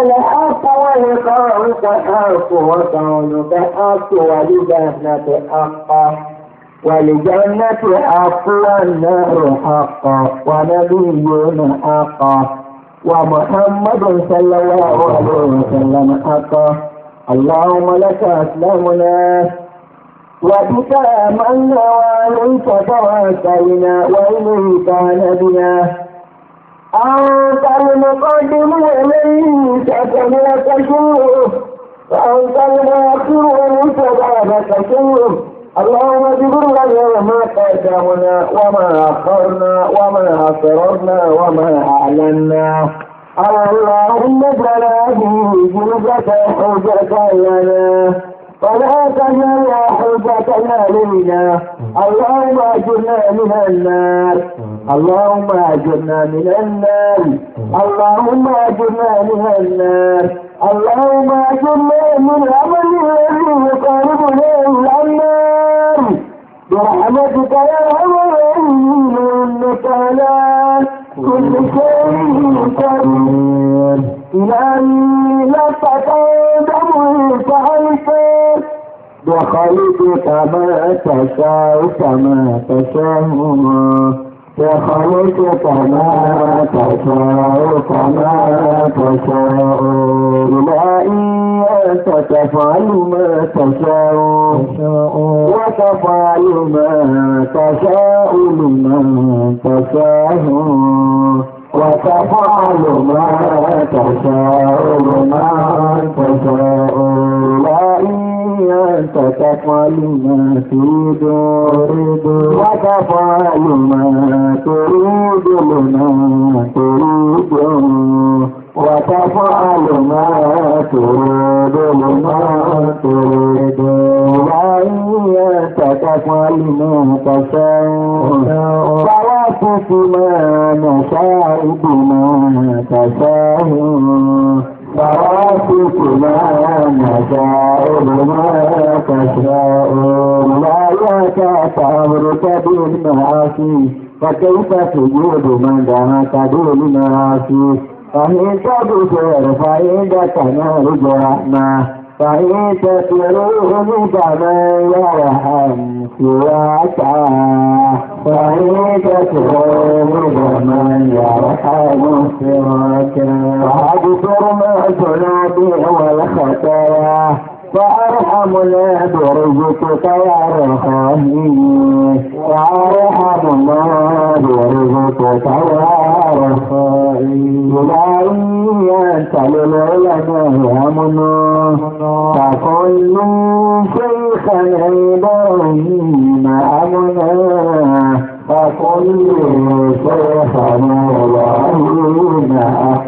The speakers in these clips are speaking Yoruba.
الحق ولقاؤك حق وقولك حق ولجنة حق ولجنة حق والنار حق ونبينا حق ومحمد صلى الله عليه وسلم حق اللهم لك أسلمنا وبك آمنا وعليك توكلنا وإليك نبينا أنت المقدم ومن تتملك شوره وأنت المؤخر ومن تبارك شوره اللهم اجبر لنا ما قدمنا وما أخرنا وما أسررنا وما أعلنا اللهم اجعل هذه جنبة حجة لنا ولا تنال حبتنا لنا اللهم اجرنا من النار اللهم اجرنا من النار اللهم اجرنا من النار اللهم اجرنا من العمل الذي يقربنا الى النار برحمتك يا ارحم الراحمين انك لا كل شيء قدير إلهي لقد أدم فألفت وخلقك ما تشاء كما تشاء وخلقك ما تشاء كما تشاء إلهي أنت تفعل ما تشاء وتفعل ما تشاء لمن تشاء وتفعل ما تشاء لمن تشاء إلهي أن تفعل ما تريد وتفعل ما تريد لما تريد وتفعل ما تريد لما تريد وإن تفعل ما تشاء فلا ما نشاء بما تشاء فراتكما نجائبنا تشاءون لا يتفاوت بالمعاصي فكيف تجود من دمك بالمعاصي فإن تبصر فإنك نرجو رحمه فإن تطلوهم فمن يرحم سواك فإن تطلوهم فمن يرحم سواك فاغفر ما تنادي والخطايا وأرحم لا برزقك يا رحمي وأرحم ما برزقك يا رحمي إلهي أنت للعلماء أمنا فكل شيخ إبراهيم أمنا فكل شيخ إبراهيم أمنا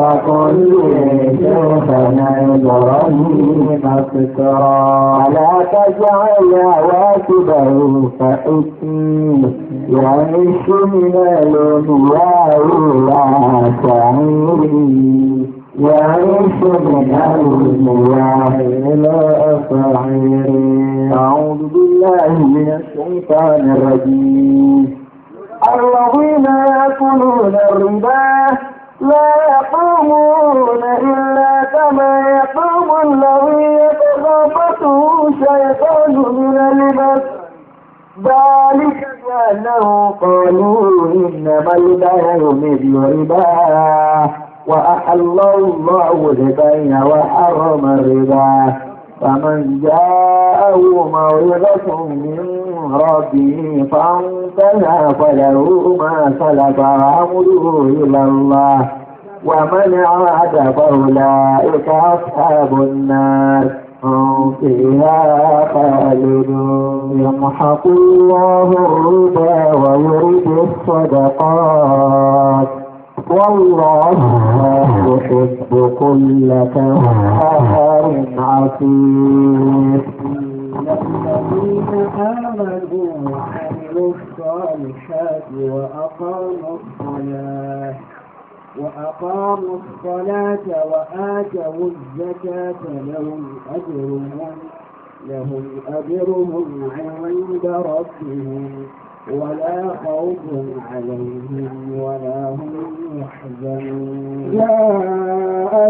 فكلوا سوف ننظره مقصرا لا تجعل عواقبه فإثم يعيش من الدنيا لا سعيد يعيش من الدنيا إلى أسعير أعوذ بالله من الشيطان الرجيم الذين يأكلون الربا لا يقومون إلا كما يقوم الذي يتخافته الشيطان من البس ذلك بأنه قالوا إنما البيع مثل رباه وأحل الله البيع وحرم الربا فمن جاءه موعظة من ربه فانتهى فله ما سلف أمره إلى الله ومن عاد فأولئك أصحاب النار هم فيها خالدون يمحق الله الربا ويربي الصدقات والله يحب كل كفار عسير الذين آمنوا وعملوا الصالحات وأقاموا الصلاة وأقاموا الصلاة وآتوا الزكاة لهم أجرهم لهم أجرهم عند ربهم ولا خوف عليهم ولا هم يحزنون يا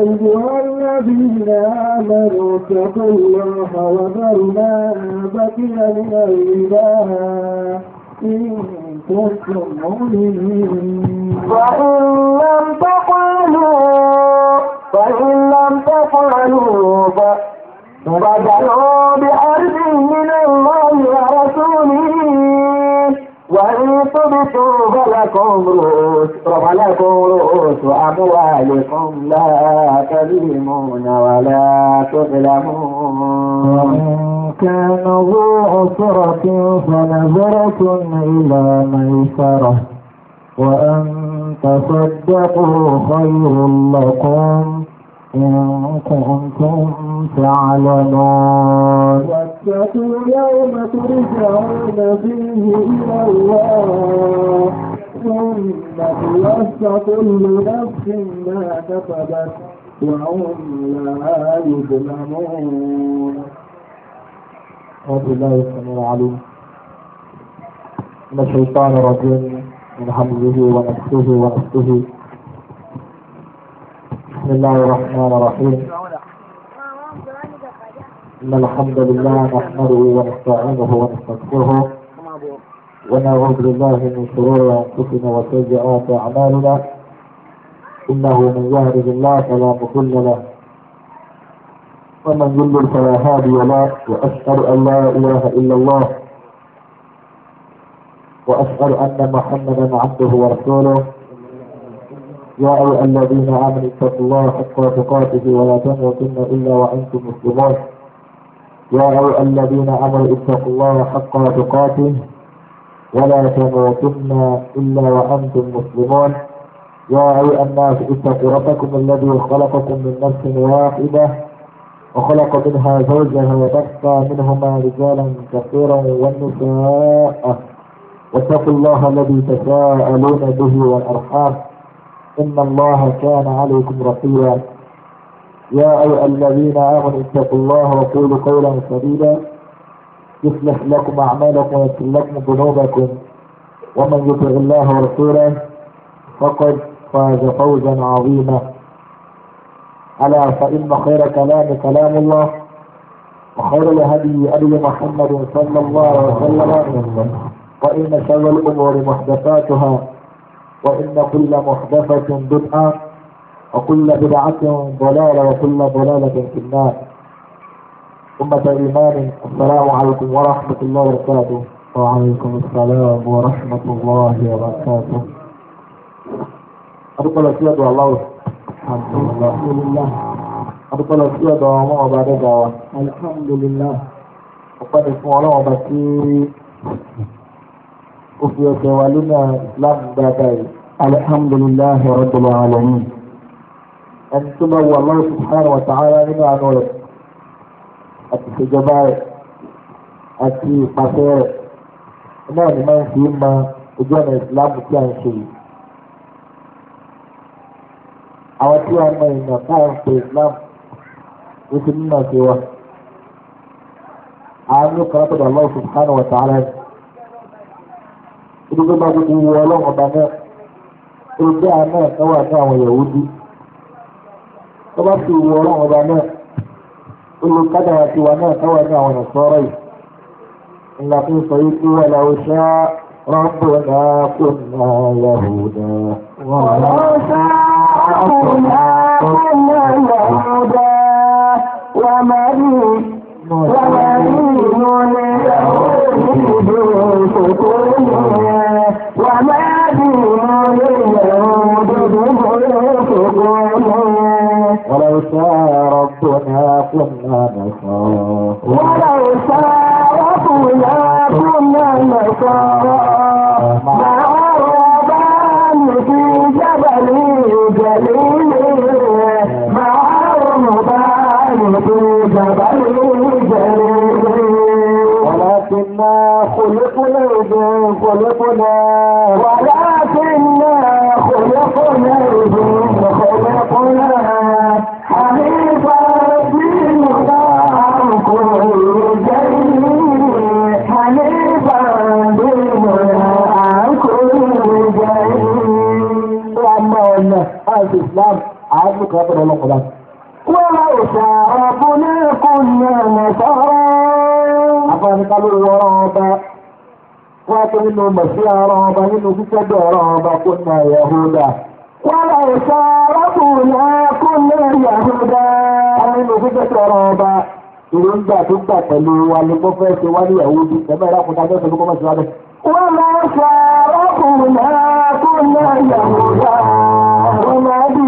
أيها الذين آمنوا اتقوا الله وذروا ما بقي من الإله إن كنتم مؤمنين فإن لم تفعلوا فإن لم تفعلوا فبدلوا بحرب من الله ورسوله وإن تبتوا فلكم رؤوس فلكم رؤوس أموالكم لا تظلمون ولا تظلمون وإن كان ذو عسرة فنظرة إلى ميسرة وأن تصدقوا خير لكم إن كنتم تعلمون واتقوا يوم ترجعون فيه إلى الله ثم توفى كل نفس ما كسبت وهم لا يظلمون أعوذ بالله السميع العليم من الشيطان الرجيم من حمده ونفسه ونفسه بسم الله الرحمن الرحيم إن الحمد لله نحمده ونستعينه ونستغفره ونعوذ بالله من شرور أنفسنا وسيئات أعمالنا إنه من يهده الله فلا مضل له ومن يضلل فلا هادي له وأشهد أن لا إله إلا الله وأشهد أن محمدا عبده ورسوله يا أيها الذين آمنوا اتقوا الله حق تقاته ولا تموتن إلا وأنتم مسلمون يا أيها الذين امنوا اتقوا الله حق تقاته ولا تموتن الا وانتم مسلمون يا ايها الناس اتقوا ربكم الذي خلقكم من نفس واحده وخلق منها زوجها وبث منهما رجالا كثيرا والنساء واتقوا الله الذي تساءلون به والارحام ان الله كان عليكم رقيبا يا أيها الذين آمنوا اتقوا الله وقولوا قولا سديدا يصلح لكم أعمالكم ويغفر لكم ذنوبكم ومن يطع الله ورسوله فقد فاز فوزا عظيما ألا فإن خير كلام كلام الله وخير الهدي أبي محمد صلى الله عليه وسلم وإن شر الأمور محدثاتها وإن كل محدثة بدعة وكل بدعة ضلالة وكل ضلالة في النار أمة الإيمان السلام عليكم ورحمة الله وبركاته وعليكم السلام ورحمة الله وبركاته أدخل السيد والله الحمد لله الحمد لله أدخل السيد والله بعد دعوة الحمد لله وقد اسمه الله بكير وفي الدوالين لم بدأ الحمد لله رب العالمين ẹni tó bá wù Allah subhanahu wa ta'ala nínú àánú rẹ̀ àti ìṣèjọba rẹ̀ àti ìpàṣẹ rẹ̀ náà ni máa ń fi ma ojú ọ̀nà ìsìlámù tí a ń ṣe yìí. àwọn tí a mọ èèyàn bá ń pe ìsìlámù ó ti nínú ọ̀sẹ̀ wa. àánú kan tó Allah subhanahu wa ta'ala ni. ìdúgbò bá gbogbo wu ọlọ́run ọba náà. olùgbé àná ẹ̀ka wà ní àwọn Yahudi tó bá ti wù ọlọ́run ọba náà olú kádàrà ti wà náà káwá ní àwọn ìsọ̀rọ̀ yìí ńlá fún sọ yìí kí wọ́n lọ ṣá rọ́pùnà kùnà yahudà wọ́n lọ ṣá rọ́pùnà kùnà wọ́n máa rí wọ́n máa rí inú ولو شاء ربنا كنا نصارى ولو شاء ربنا كنا نصارى مع الربان في جبل جليل مع الربان في جبل جليل ولكننا خلقنا من خلقنا ولكننا خلقنا من خلقنا الإسلام عاد مكابر ولا قبل وليس ربنا كنا نصارى أفان قالوا ورابا وكان إنه مسيح رابا إنه بسد رابا كنا يهودا وليس ربنا lórí àhúdá nínú fífẹ́ sọ̀rọ̀ ọba ìròǹgbà tó gbà wọ́n máa ń fa ọkùnrin náà kó náà yàwó yá wọ́n máa ń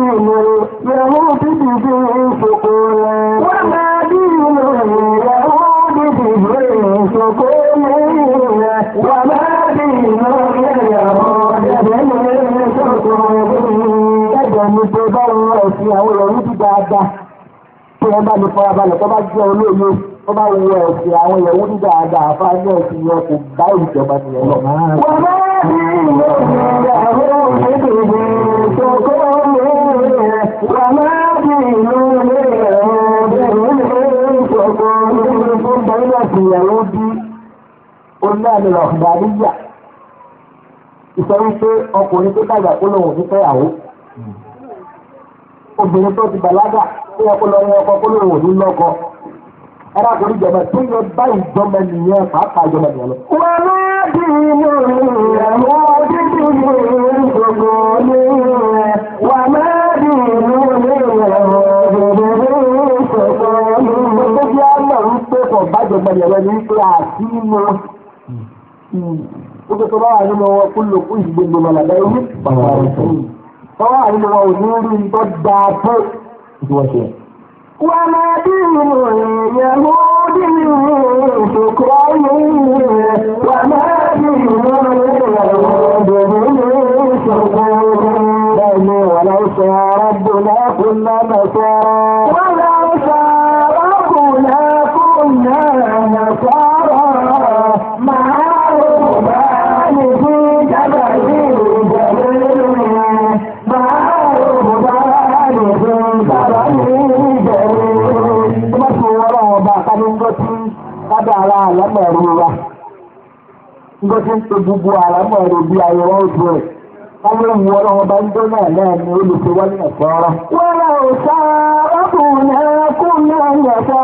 yẹn bá lè farabalẹ̀ tó bá jẹ́ olóye tó bá wọ ẹ̀sìn àwọn ìyẹ̀wò ní dáadáa fáwọn ẹ̀sìn yẹn kò bá ìjọba ti yẹn lọ. wọ́n bá rí ìwé ìyàwó òṣèlú tó kọ́ ọ́ wọ́n má bí ìlú ilé ẹ̀rọ bẹ̀rẹ̀ ní ìṣọ̀kan ní fún bẹ́ẹ̀lá ìyàwó bí onílẹ̀ ọ̀gbàdíyà ìsọ wípé ọkùnrin tó dàgbà kó lòun ò ní fẹ́ yàwó obìnrin tó ti bàlágà kí wọn kó lọ wọn ọkọ kó lóun ò ní lọkọ ẹ̀rọ àgbẹ̀rù ìjọba tó yẹ báyìí jọmọ nìyẹn pàápàá ìjọba nìyẹn lọ. wọn á bí mo rí ìyàwó dídì mi gbogbo ní wọn á bí mo rí ìyàwó dídì mi gbogbo ní. ọjọ́ bí a mọ̀ wípé kò bá ìjọba nìyẹn lọ ní pé àti mo gbogbo tó bá wà nínú wọn kó lò kó ìgbégbé wọn làbẹ́ yìí. bàbá rẹ̀ sọ́yìn. tọ́wọ́ àyìnbó wọn ò ní rí nǹkan dáa bó tí wọ́n máa bí ìròyìn ìyàwó bí ìṣòkò ayé wà máa bí ìròyìn ìyàwó bí ìṣòkò ayé. bẹ́ẹ̀ ni wàlá ìṣòro àbúlá àlámọ̀rí wa nígbà tí ń pe gbogbo àlámọ̀rí bí ayọ̀wọ́ ojú rẹ̀ ọmọ ìwọ ọlọ́wọ́ na ń dé náà náà ni olùsèwọ́ ní ẹ̀fọ́ ara. wọ́n lọ akụ ọkùnrin ẹ̀kúnlẹ̀ ẹ̀fọ́ afọ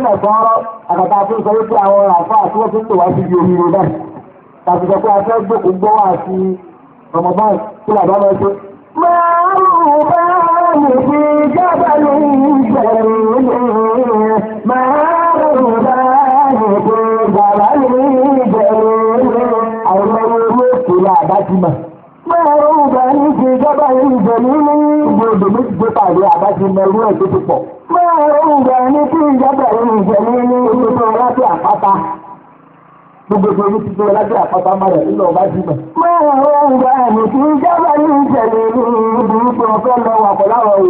ń a bá ti mọ̀. Máa ń gbà ní ti ìjọba ìjọ nínú. Ìjọ òdò méjì tó pàdé àbá ti mọ irú ẹ̀ tó ti pọ̀. Máa ń gbà ní ti ìjọba ìjọ nínú. Ìjọ tó wọlá sí àpáta. Gbogbo ìjọ tó wọlá sí àpáta máa rẹ̀ nílò ọba ti mọ̀. Máa ń gbà ní ti ìjọba ìjọ nínú. Ìjọ tó fẹ́ lọ wà pọ̀ láwọn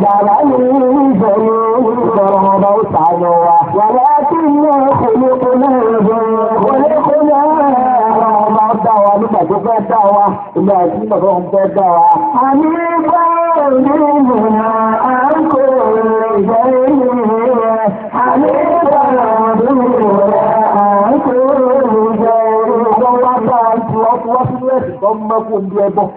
جعلني جريد موت عدوا ولكن خلقنا خلقنا رغبة ونبة دعوة لكن رغبة دعوة حنيفا منها عن كل شيء حنيفا منها عن كل شيء الله تعالى الله تعالى الله تعالى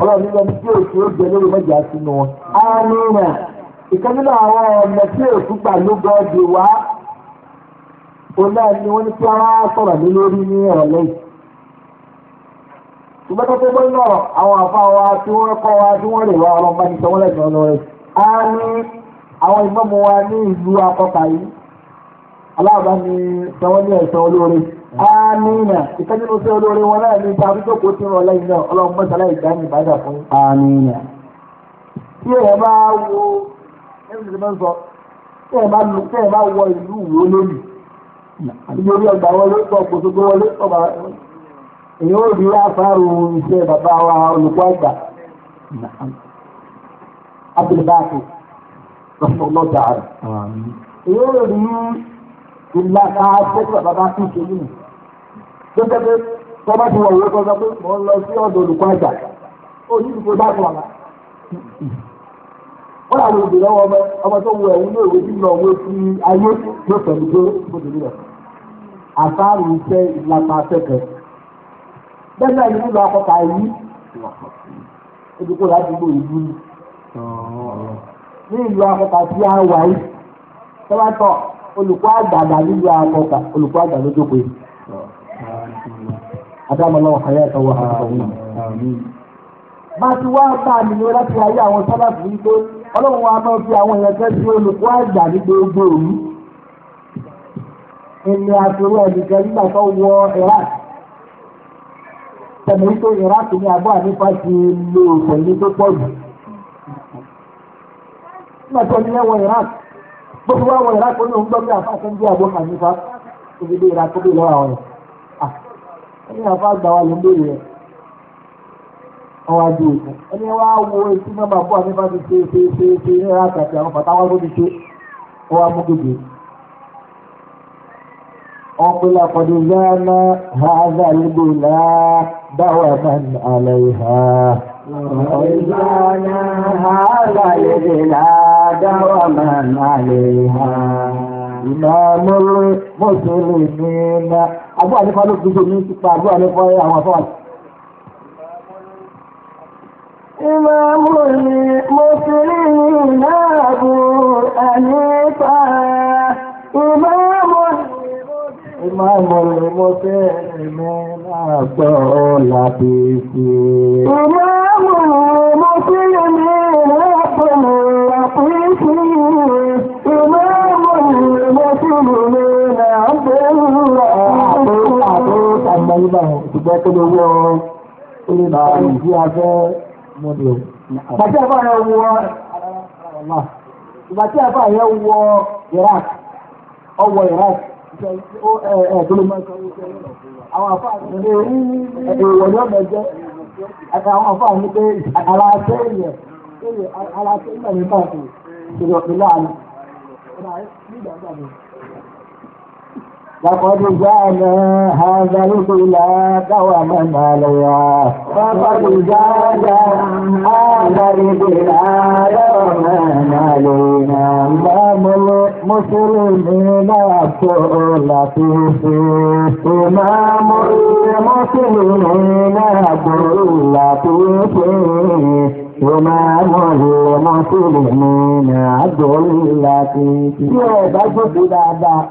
ọlọ́run nígbà tí òkú ó jẹ lórí mẹ́jà sínú wọn. àmìnà ìkan nínú àwọn ọ̀nà tí òkú gbà ló gbọ́ di wá òun náà ni wọ́n ní kí wọ́n á sọ̀rọ̀ lé lórí ní ọ̀lẹ́ yìí. ṣùgbọ́n tó tó gbọ́ náà àwọn àfa wa tí wọ́n kọ́ wa tí wọ́n lè wá ọlọ́mọ ní sọ́wọ́n lẹ́sìn ọ̀nà rẹ̀. a ní àwọn ìmọ̀mù wa ní ìlú akọ́ta yìí Amina. Ìtọ́jú ló ṣe olóore wọn náà ní ipa àdúgbò tí wọn lẹ́yìn náà ọlọ́run mọ́sálá ìgbà ní ìbàdàn fún. Amina. Tí ẹ̀ bá wo ẹ̀sìn tí wọ́n sọ, tí ẹ̀ bá lu tí ẹ̀ bá wọ ìlú wo lónìí. Nítorí ọgbà wọlé pọ̀ gbòsógbó wọlé pọ̀ bá èyí ó rí àfárò iṣẹ́ bàbá wa olùkọ́ àgbà. Abdulbaki, Rasulullah Ta'ala. Èyí ó rí ìlànà àṣẹ́kọ̀ọ́ bàbá tó ṣe nínú pé pé tọ́ba ti wọ̀ wọ́n tó sọ pé mò ń lọ sí ọ̀dọ̀ olùkọ́ àgbà ó ní ìdìbò bá wà lá. wọ́n làwọn obìnrin ọmọ ọmọ ọmọ tó wọ ẹ̀wọ̀n ní òwe nílò òwe ti ayé ló pẹ̀lú pé ó ti nílò. àtàrù iṣẹ́ ìlànà afẹ́kẹ́. bẹ́ẹ̀ náà nínú akọ́kọ́ ayé ìdíkò ládùúgbò ìlú ni. ní ìlú akọ́kọ́ tí a wà yìí tọ́wọ́ tọ́ olùkọ́ àgbà nílùú akọ́kọ́ olùkọ́ àgbà lójókòó yìí. أدام الله حياته وحياته bá ti wá bá nìyẹn láti ayé àwọn sábàbí wípé ọlọ́run wa máa fi àwọn èèyàn kẹ́ sí olùkọ́ àgbà ní gbogbo òru. ẹni àtòrò ẹnìkan nígbà tó wọ iraq tẹ̀lé wípé iraq ní abọ́ ànífà ti lo pẹ̀lú tó pọ̀ jù. nígbà tó ní ẹwọ iraq bó ti wá wọ iraq ó ní òun ẹni àfa àgbà wa ló ń béèrè ẹ̀ ọwọ́ adé òkun ẹni wá wo etí nọ́mbà bọ́ àti bá ti ṣe ṣe ṣe ṣe ní ẹ̀rọ àtàtà àwọn bàtà tó ti ṣe ọwọ́ amúgbègbè. ọ̀pẹ̀lẹ̀ àkọ́dé zánà hàzà lébè náà dáwọ̀ man àlàyé وَإِذَانَ هَذَا لِذِلَا دَوَمًا عَلَيْهَا إِمَامُ الْمُسْلِمِينَ àbúrò àlefa ló fi gbogbo mi pa àbúrò àlefa àwọn afọ àti. Ìmáàmù ni mo fi rí ìnáàbò ànípa. Ìmáàmù ni mo fi rí ìmáàmù ni mo fi rí ìnáàbò láti ṣe. Ìmáàmù ni. yí báyìí ṣùgbọ́n tó a fẹ́ mọ́dé Iraq ọwọ Iraq àwọn لقد جانا هذا البلاد ومن عليها لقد جانا هذا البلاد ومن علينا إمام المسلمين أقول فيه إمام المسلمين أقول فيه Ìmáàmù ìmọ̀sílẹ̀ ní àdó ńlá tí. Bí ọ̀dà gbòdì dáadáa.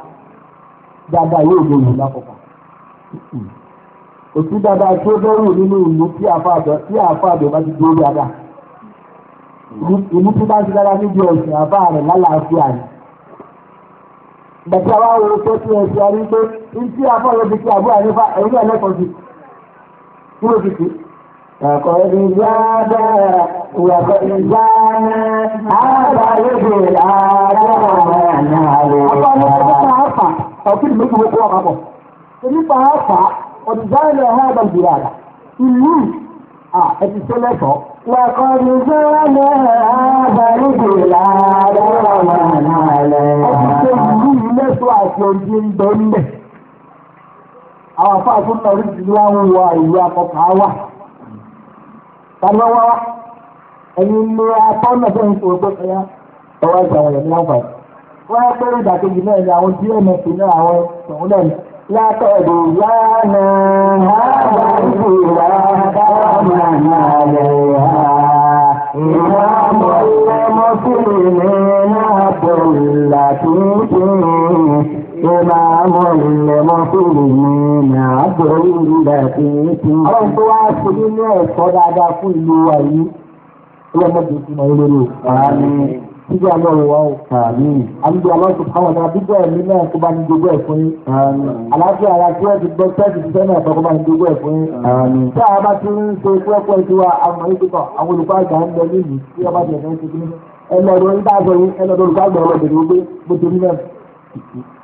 dáadáa yóò gbòòrò lápapọ̀ òtún dáadáa tí ó bẹ́rù nínú ìlú tí àfáàdọ̀ tí àfáàdọ̀ bá ti gbé dáadáa ìlú tí bá ti dára níbi ọ̀sìn àbá rẹ̀ lálàáfíà rẹ̀ bàtà wo a pé ní tí àfáàdọ̀ ti kí àbúrò àyẹ̀fà ẹ̀yìn ẹ̀lẹ́kọ̀ọ́ sí kí ló ti kí. فقد زاد وقد زاد هذا يجي الآدم ọ̀kìlì méjì wọ́n kọ́ ọ̀bọ̀. èmi pàápàá ọ̀dùnjáìlẹ̀ ọ̀hán ẹ̀dọ̀ ìdìbò àdá ìlú ẹ̀tì tó lẹ́tọ̀ọ́. Wàkọ̀dùnjẹ́ lẹ́ àbálẹ̀ ìdìbò àdá ọ̀nà àlẹ́. ẹ̀tì tó ìlú yìí lẹ́tọ̀ọ́ àti ọ̀dùn ń bẹ nílẹ̀. àwọn afọ àtúntò orí ti wá ń wọ ìlú akọkà wà. tàbí wá ẹ̀yin ni apá náà fẹ́ẹ́ ń sọ̀rọ̀ pé ẹ̀yà ọwọ́ ìgbà wọ̀nyẹ̀ ní wọ́n á pé ìdàkejì náà ni àwọn gms náà àwọn tòun náà látọ̀ lè yá nà áwọ̀ ìwà dáhùn àlẹ́ yá. Ìwà mọ̀ ọmọ sílẹ̀ ní náà bọ̀ làtúntì. إمام المسلمين عبد اللطيف ọlọ́run tó wá ṣe nínú ẹ̀kọ́ dáadáa fún ìlú wa yìí ọlọ́mọdé fún ọ lórí òkú síbi àná ìwà o. àlùjọ aláṣọ àwọn ọ̀nà àdúgbò ẹ̀mí náà kó bá ní gbogbo ẹ̀ fún yín. aláṣọ ara tí wọ́n ti gbọ́ sẹ́ẹ̀sì ti sẹ́ẹ̀ náà kó bá ní gbogbo ẹ̀ fún yín. tí a bá ti ń ṣe pẹ́pẹ́ sí wa àmọ́ ìgbìmọ̀ àwọn olùkọ́ àgbà ń lọ nílùú tí wọ́n bá ti ẹ̀fẹ́ ṣe kí ẹlọ́dọ̀ ń bá sọ yín ẹlọ́dọ̀ olùkọ́ àgbà ọlọ́dẹ̀ ló gbé bó torí náà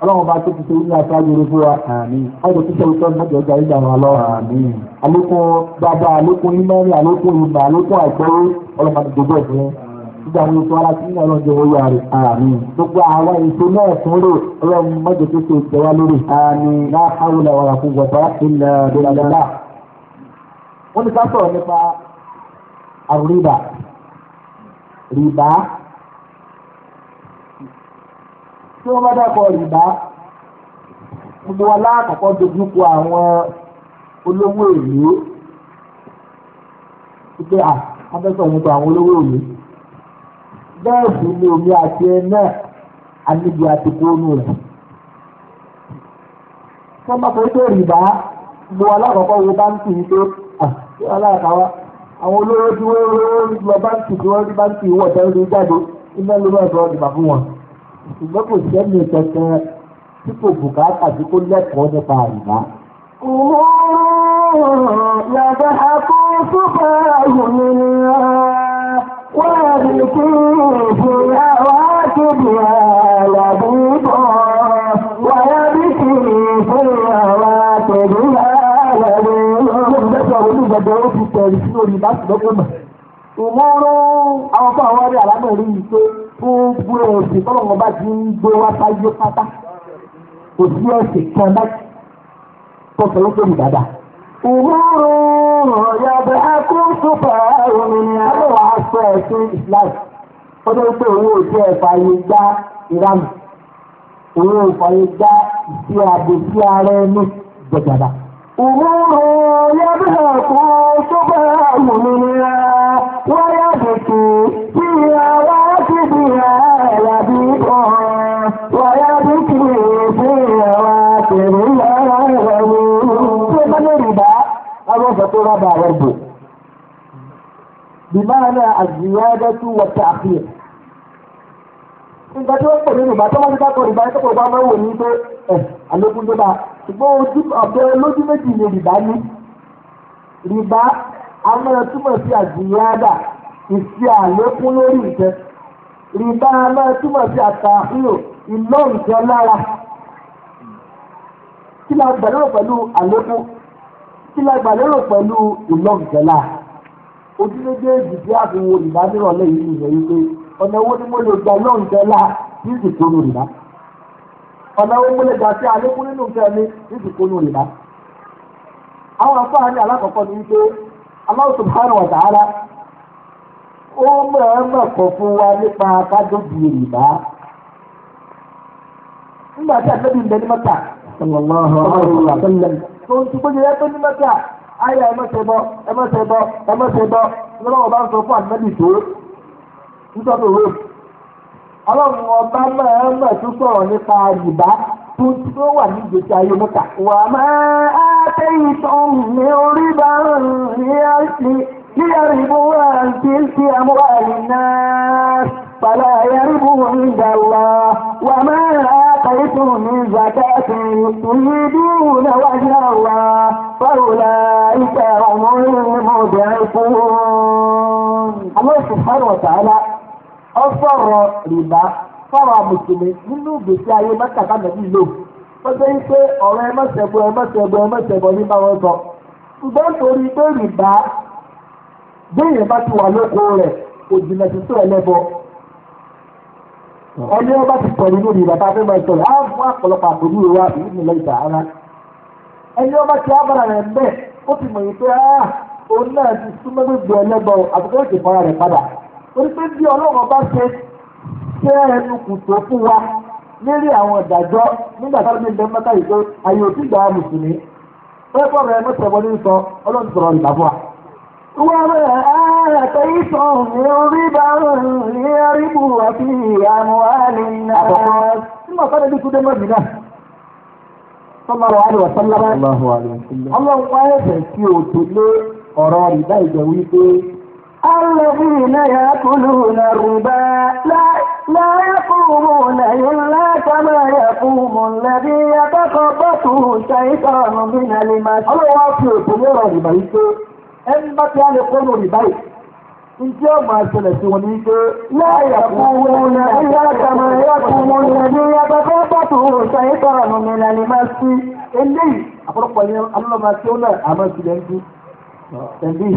ọlọ́run bá tó ti ṣe ní aṣáájú orí fún wa ọjọ́ tó ṣe ìtọ́ mọ́jọ ọjà ìgbà wọn lọ àlékún dáadáa àlékún ìmọ̀ọ́rìn àlékún ìmọ̀ àlékún àìpẹ́rẹ́ ọlọ́run bá ti gbogbo ẹ̀ fún yín gbogbo àwọn ètò ara tí nínú ọlọ́jọ́ owó yára àmín gbogbo àwọn ètò náà tún rè ọlọ́run mọ́jọ tó ṣe ìjọba lórí àmín láhàwù làwọn àkójọpọ̀ ilẹ̀ ìlàlọ́lá. wọ́n ní ká sọ̀rọ̀ nípa àrùrìbà rìbá tí wọ́n bá dàpọ̀ rìbá gbogbo wa láàkọ́kọ́ dojú kọ àwọn olówó èlé wípé à wọ́n fẹ́ sọ̀rọ̀ nípa àwọn olówó èlé bẹ́ẹ̀ sì ni omi àti ẹ náà a níbi àtìkú inú rẹ̀. tó bá fẹ́ tó rìbá bu alákọ̀ọ́kọ́ wo báńkì ń tó aláàkáwá àwọn olówó tí wọ́n lọ báńkì tí wọ́n rí báńkì wọ̀ tẹ́lẹ̀ jáde iná ló bá sọ ìgbà fún wọn. ṣùgbọ́n kò sẹ́ni kankan tí kò bùkátà tí kò lẹ́kọ̀ọ́ nípa àrìbá. Yàtọ̀ àkóso fún ààrùn nìyẹn. والكوف àwọn fún àwọn ọ̀rẹ́ àlámọ̀ rí i pé fún gbogbo ẹ̀sìn tọ́lọ̀mọ́ bá ti ń gbé wá sáyé pátá. Kò sí kan bá tọ́sọ̀rọ̀ pé mi dáadáa yàgbẹ́ ẹkún súpà omi ni àwọn aṣọ ẹ̀sìn Islam ó tó ń pè owó òṣù ẹ̀fààyè gbá ìranù owó ẹ̀fààyè gbá ìṣe àbòsí ara ẹni gbẹ̀gbàdà. òwúrò yàgbẹ́ ẹkún súpà omi ni wọ́n الضرب بمعنى الزيادة والتأخير nǹkan tí wọ́n pè ní rìbá tó wọ́n ti dákọ̀ rìbá tó kò bá máa wò ní pé ẹ̀ àlékún tó bá ṣùgbọ́n ojú ọ̀bẹ lójú méjì ni rìbá ní rìbá amọ̀ràn túmọ̀ sí àjìyáàdà ìfi àlékún lórí nǹkan rìbá amọ̀ràn túmọ̀ sí àtàkùrò ìlọ́ nǹkan lára kí la gbàdúrà pẹ̀lú àlékún kílá la pẹ̀lú ìlọ́gìtẹ́lá ojú méjèèjì tí a fi wo ìdánirọ̀lẹ́ yìí nìyẹn wípé ọ̀nà owó ni mo lè gba ìlọ́gìtẹ́lá ní ọ̀nà owó mo lè gbà sí àlékún nínú ní àwọn alákọ̀ọ́kọ́ ni wípé ó fún wa nípa kájọ́bì nígbà tí àtẹ́bí ń bẹ ní tó ń tukọ́ jẹ́ pé ní mẹ́ta ayé ẹmọ́sẹ̀bọ ẹmọ́sẹ̀bọ ẹmọ́sẹ̀bọ lọ́wọ́ bá ń sọ fún ànábì tó nítorí òwe ọlọ́run ọba mẹ́ẹ̀mẹ́ tó sọ̀rọ̀ nípa rìbá tó tó wà ní ìgbésí ayé mẹ́ta. wà á tẹ ìtàn ní orí bá ń rí àṣì ní àrìbó àti ti àmúwá يريدون وجه الله فأولئك هم المضعفون الله سبحانه وتعالى ọ̀sọ̀rọ̀ rìbá fáwọn àmùsùlùmí nínú ìgbésí ayé mẹ́tàkà nàbí lò pẹ́pẹ́ yìí pé ọ̀rọ̀ ẹ mẹ́sẹ̀gbọ́ ẹ mẹ́sẹ̀gbọ́ ọrụ mẹ́sẹ̀gbọ́ ní báwọn sọ. ṣùgbọ́n torí pé rìbá bí bá ti wà lóko rẹ̀ kò sí tó ẹni ọba ti tọ̀ nínú ìrìn bàbá fẹ́ máa tọ̀lẹ̀ á fún àpọ̀lọpọ̀ àpòjú ìwà ìlú nílẹ̀ ìgbà ara ẹni ọba ti abara rẹ̀ bẹ́ẹ̀ ó ti mọ̀ yìí pé áá ah, òun náà ti súnmọ́ gbogbo ẹlẹ́gbọ́ àbúkọ́ ètò ìfọ́nra rẹ̀ padà orí pé bí ọlọ́run ọba ṣe ṣe ẹnu kù tó fún wa lérí àwọn ìdájọ́ nígbà tá a lè mẹ́ta yìí pé àyè òtí gbà á mùsùlùmí وما آتيتم من ربا ليربو في أموال الناس ثم قال لك دم مدينة صلى الله عليه وسلم الله عليه وسلم الله واسع كيو تلي أراري بايدة ويبي الذين يأكلون الربا لا لا يقومون إلا كما يقوم الذي يتخبطه الشيطان من المس الله واسع كيو تلي أراري بايدة ẹni bá ti á lè kọ́nù òní báyìí njẹ́ ọmọ àṣẹlẹ̀ tí wọ́n ní pé. láyà ni. wọn ní ìyá àtàmà ìyá fún wọn ní ẹni agbẹ́fẹ́ pàtó ṣàyẹ́ tọrọ nù mí lálẹ́ máa sí. eléyìí àpọ̀lọpọ̀ yẹn alọ́mà tí ó náà àmọ́ ìṣẹ̀lẹ̀ ń dín. tẹ̀lé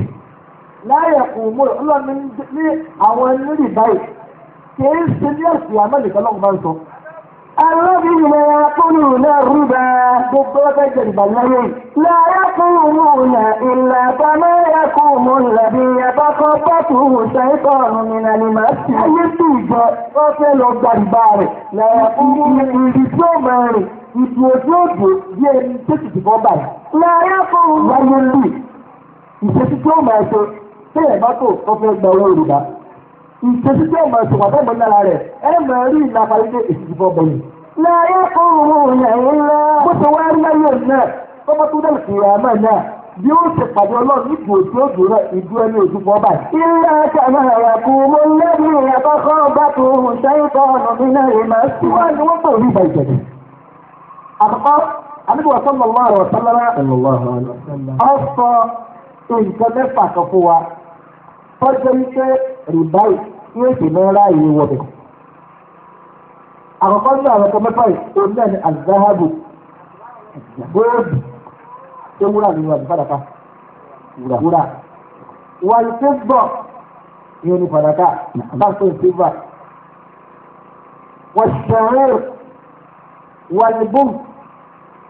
láyà fún wọn ọlọ́run ní àwọn ẹni rí báyìí kì í ṣe ní ẹ̀sìn àmọ́ ìdíkọ́ lọ́kùnrin máa ń sọ. الذين يأكلون الربا لا يقومون إلا كما يقوم الذي يتخطفه الشيطان من المس ayétújọ ọ̀fẹ́ lọ gbàgbà rẹ̀ làwọn ìdí ìdí tí ó máa rìn ìdí ojú òjò bí ẹni tó ti dìbọn báyìí. láyé fún un. wáyé lù ìṣesí tí máa ṣe tẹ́yẹ̀ bá tó ọ̀fẹ́ gbà ìṣesí ọmọ ẹ̀sùn pàtó ọmọ lára rẹ̀ ẹ mọ̀ rí ìlànà ilé ìṣèjìbọ̀ bọ̀yìn. láyé òun yẹn ńlá. bó ṣe wá rí láyé náà tọ́mọ tó dẹ̀ kìlọ̀ àmọ́ náà bí ó ṣe pàdé ọlọ́run ní ìdúró tí ó ìdú ẹni fọ́ báyìí. ilé ẹ̀ka náà kú mo lẹ́bi bá sẹ́yìn ọ̀nà mi náà máa tí ó sì mọ́ ráàyè wọ̀bẹ̀. àkọ́kọ́ ní àwọn ọkọ̀ mẹ́fà ìṣòro náà ní azahabu góòdù tó wúrà nínú àbúfàdàkà wúrà wàlú tó gbọ̀ ní onífàdàkà báńkì sílvà wàṣẹ̀rẹ̀ wàlúbùm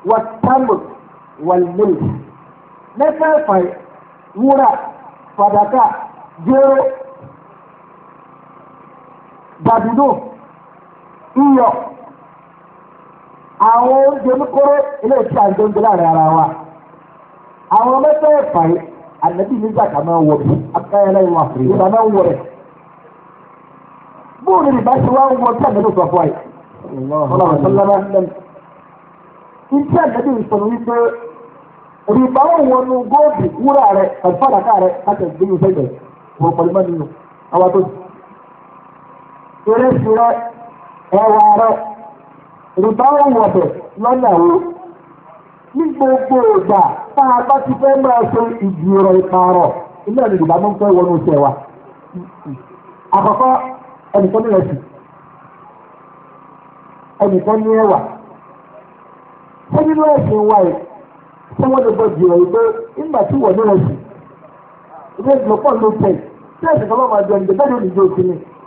wàtàmù wàlúmùlù mẹ́fà ìfà wúrà fàdàkà jẹ́rẹ́ dàbídò iyọ̀ àwọn oúnjẹ oníkóró eléyìí tí a ń jẹun láàrin ara wa àwọn mẹ́tẹ̀ẹ̀fà yìí ànábì ní zaka máa wọ̀ bí akáyọ̀ lẹ́yìn wà fún yìí ìgbà máa ń wọ̀ rẹ̀ bóòlù ìbá ṣe wá ń wọ tí ànábì sọ fún ẹ ọlọ́run tó ìtí ànábì sọ̀rọ̀ wípé rìbá ń wọnú góòdì wúrà rẹ̀ àti fàdákà rẹ̀ láti ẹ̀gbẹ́ yóò fẹ́ bẹ̀rẹ̀ wọ́n nínú àwọn tó oríṣi rẹ ẹwà rẹ rìbá òwò bẹ̀ wo ní gbogbo ìgbà tá a bá ti fẹ́ máa ṣe ọrọ ìpààrọ̀ ilé ìlú ìbámu wọnú wa ẹnìkan ní ẹnìkan ní ẹwà ṣé nínú wa yìí ṣé lè yìí pé nígbà tí ní ilé ló tẹ̀ kan máa jẹun bẹ́ẹ̀ ni.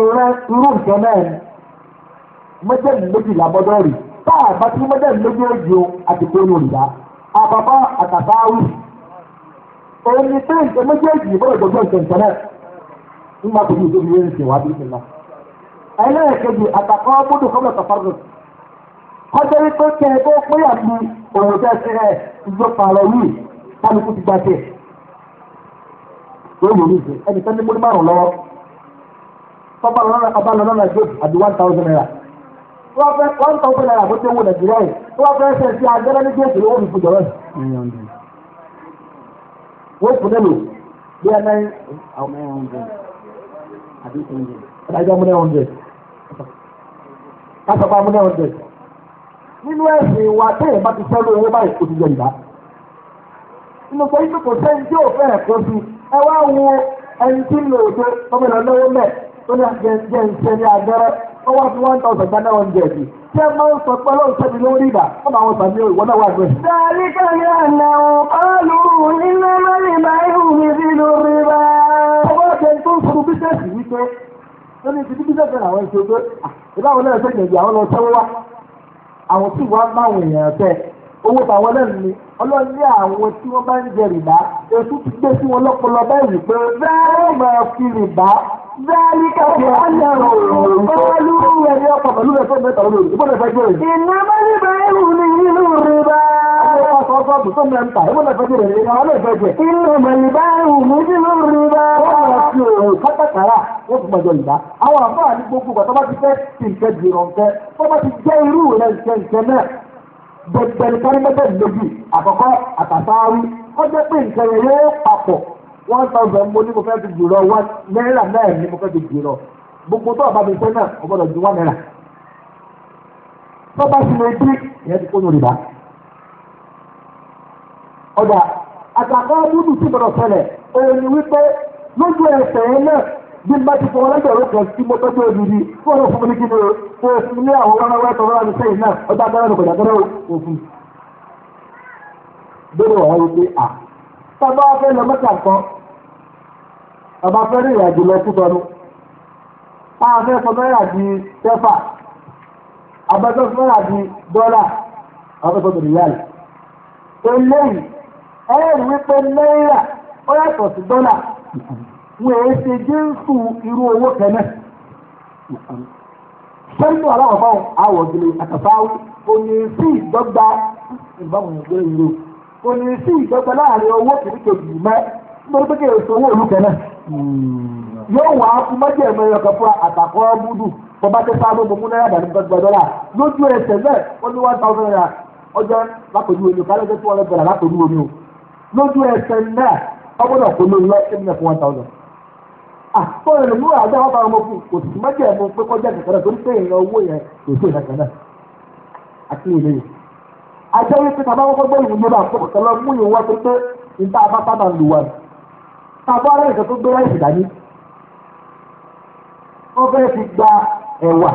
ìran irú nǹkan náà ni mọ́jẹ́lì méjì làbọ́dọ̀ rì tá a bá tí mọ́jẹ́lì méjì ó ju àtìkú olùdá àbàbá àtàbáwì òun ni pé nǹkan méjèèjì ìbọ̀dọ̀ gbọ́dọ̀ nǹkan náà ń máa tó ní ìdóbi yẹn ń ṣe wá bí ìṣẹ̀lá ẹlẹ́ẹ̀kejì àtàkọ́ gbọ́dọ̀ kọ́mọ̀ tàfàrọ̀ kọjá wípé kẹ́ ẹ tó pé àti òun tẹ́ ṣe ẹ ìjọ pààrọ̀ yìí kálukú ti gbà tẹ̀. lórí òun ìṣe ẹnìkan ní mo ní márùn lọ́wọ́ tọ́ba lọ́nà lọ́nà ìgbò àbí one thousand naira wọ́n fẹ́ one thousand naira bó ti wù nàìjíríà yìí wọ́n fẹ́ ṣe sí agbẹ́rẹ́ ní géètì owó mi fújọ́ rẹ̀. wọ́n fún nílò bí ẹ náà àwọn ẹ̀rọ oúnjẹ àbí oúnjẹ. adájọ́ amúnẹ́ oúnjẹ kásọ̀kọ́ amúnẹ́ oúnjẹ nínú ẹ̀sìn wa tẹ́yẹ̀ bá ti sọ́lé owó báyìí kò ti jẹ ìdá. inú pé kò sẹ́ni tí ò fẹ́ ẹ̀kọ́ sí ẹ wá wo ẹni tí ń lo òde ọmọ ìlànà owó mẹ́ẹ̀ ó ní àjẹjẹ ìṣe ní agbẹ́rẹ́ ó wá sí one thousand gba náà oúnjẹ ẹ̀dì tí ẹ máa ń sọ pé ọlọ́run sẹ́mi lórí ìgbà ó máa wọn sàmì ìwọ náà wà ní. sàrí kàrí àná ọ̀pọ̀lù nínú lórí báyìí mi sí lórí bá. ọwọ́ ọ̀kẹ́ tó ń sọ̀rọ̀ bísẹ̀sì wípé ó ní ti bísẹ̀sì àwọn èso pé ìbáwọn náà sẹ́yìn ìgbà àwọn lọ sẹ́wọ́ wá àwọn tí wọ́n máa wọ̀ èèyàn tẹ̀ owó tàwọn lẹ́nu ni ọlọ́run ní àwọn tí wọ́n bá ń jẹ rìbá ètò ti gbé sí wọn lọ́pọlọ báyìí pé bẹ́ẹ̀ máa fi rìbá Zálíkà fi àjà ọ̀rọ̀ bọ́ọ̀lù ẹni ọkọ̀ pẹ̀lú ẹ̀fẹ́ mẹ́ta olóòrùn ìbọn ẹ̀fẹ́ jẹ́ rẹ̀. Ìná bá ní bẹ́ẹ̀rù ní inú rí bá. Àwọn ọkọ̀ ọkọ̀ tó mẹ́ta ìbọn ẹ̀fẹ́ jẹ́ rẹ̀ ìnáwó ẹ̀fẹ́ jẹ́. Inú mẹ́lì báyìí mú sínú rí bá. Wọ́n lọ sí òòrùn kátàkárà wọ́n ti gbàjọ ìdá. Àwọn àfáà ní gbogbo ìgbà tó bá ti fẹ́ ti nǹkẹ́ jìrọ̀ nǹkẹ́ tó bá ti jẹ́ irú rẹ̀ nǹkẹ́ nǹkẹ́ náà. Bẹ̀rẹ̀ kárí mẹ́tẹ̀ẹ̀lógún àkọ́kọ́ àtàtàárí. Ó jẹ́ pé nǹkan yẹn yóò papọ̀ one thousand mo ní mo fẹ́ fi jùlọ one náírà náà ní mo fẹ́ fi jùlọ gbogbo tó àbá mi pẹ́ náà o gbọ́dọ̀ ju one náírà tó bá ti lè dí ìyẹn ti kóno rìbá ọ̀dà àtàkọ́ dúdú tí gbọ́dọ̀ ṣẹlẹ̀ òun ni wípé lójú ẹsẹ̀ yẹn náà bí n bá ti fọwọ́ lẹ́gbẹ̀rún kan tí mo tọ́jú òdìdí tí wọ́n lọ fún mi ní kíni o kò fún mi ní àwọn ọmọ ẹgbẹ́ tó rọra mi sẹ́yìn náà ọjà agbára nìkan ìdàgbẹ́rẹ́ òfin. bẹ́ẹ̀ ni wàá wípé à tábà fẹ́ lọ mẹ́ta kan ọba fẹ́ rí ìrìnàjò lọ fún sọnù àwọn afẹ́ sọ náírà di tẹ́fà abẹ́tọ́ sọ náírà di dọ́là àwọn afẹ́ sọ rìyàlì eléyìí ẹ̀rí wípé náírà ó yàtọ̀ sí dọ́là wọ́n èé ṣe jíǹsù irú owó kẹ́mẹ́ sẹ́yìn aláwọ̀ fáwọn àwọ̀ gílé àtàfáwọ́ òní sí ìdọ́gba ìbáwọn ìgbé ìlú. onye isi sí ìgbẹ́gbẹ́ láàrin owó kìíní mẹ́ nítorí pé kéèyàn sọ owó òlù kẹ́nẹ̀. yóò wá fún mọ́jẹ̀ ẹ̀mọ ẹ̀yọ̀ kan fún àtàkọ́ búdù tó na tẹ́ sáà lóògùn náírà dàní gbẹgbẹ dọ́là lójú ẹsẹ̀ náà ó ní one thousand naira ọjọ́ lápòjú omi òkàlẹ́ jẹ́ o ajẹ́ wípé tàbá kọ́kọ́ gbé ìwé nígbà tó kọ̀tọ́ lọ mú ìwọ́ tó pé níta bá sábà lù wá ní. tàbá rẹ̀ nìkan tó gbé ráìsì dání. wọ́n fẹ́ fi gba ẹ̀wà.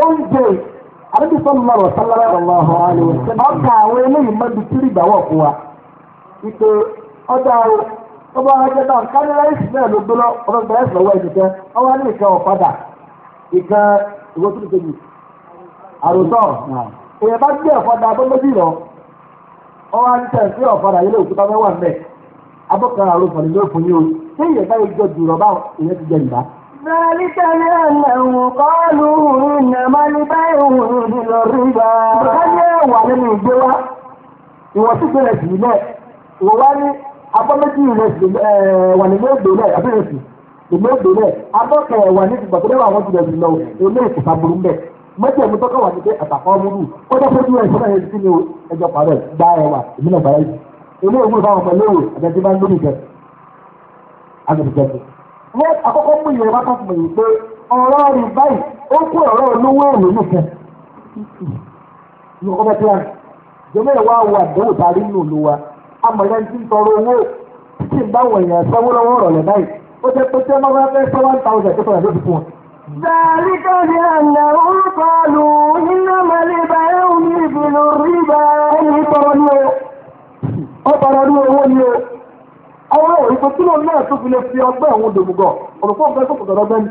oúnjẹ àdébí sọ́nù náà rọ̀ sálára ọ̀lọ́hàn àlèwò sẹ́ni. ọkà àwọn eléyìí máa di tírì ìgbàwọ̀ fún wa. ìpè ọjà o tó bá wájú náà kárí ráìsì náà ló gbé lọ ọ̀rọ̀ ìgbà àròsọ èèyàn bá gbé ọ̀fọ̀dà abọ́mẹ́sì lọ ọwọ́ àǹtẹ̀ sí ọ̀fọ̀dà yẹlẹ̀ òkúta mẹ́wàá mẹ́ abọ́kan àròsọ lè lóòfin o ṣé èèyàn jọ dùrọ̀ bá èèyàn ti jẹ ìgbà. ذلك لأنهم قالوا إنما البيع مثل الربا. nínú ìgbé wa ní abọ́mẹ́sì rẹ̀ sì wà ìgbé àbí rẹ̀ sì ìgbé abọ́kẹ̀ ní ìgbàgbọ́dọ̀ àwọn mọ́tẹ̀mú tọ́kọ̀ wà ní pé àtàkọ́ múlù ó dẹ́ fojú ẹ̀ sọ́nà yẹn sí ni o ẹjọ́ parẹ́ gbá ẹ wà èmi náà gbára yìí ilé ìwúlò fáwọn ọmọ léwu àtẹ̀tí bá ń lórí ìfẹ́ agbègbè wọ́n àkọ́kọ́ mú ìyẹn wá káfíńmù yìí pé ọ̀rọ̀ rí báyìí ó kú ọ̀rọ̀ olówó èrò nìkan ní ọkọ̀ bẹ́ẹ̀ tíwájú jẹ́mọ́ ìwà wo àdéhùn tàbí nù lù wa amọ̀yẹ́ ti ń tọrọ owó tí ń bá wọ̀nyẹn sanwó lọ́wọ́ rọ̀lẹ́ báyìí ó jẹ́ pé tí wọ́n bá fẹ́ sọ one thousand ذلك بأنهم قالوا إنما البيع مثل الربا ọ̀pọ̀lọpọ̀ owó ni o àwọn òyìnbó tí wọn náà tó fi lè fi ọgbẹ́ òun dòmùgọ̀ olùkọ́ ọgbẹ́ tó kò dọ̀dọ̀ gbẹ́ni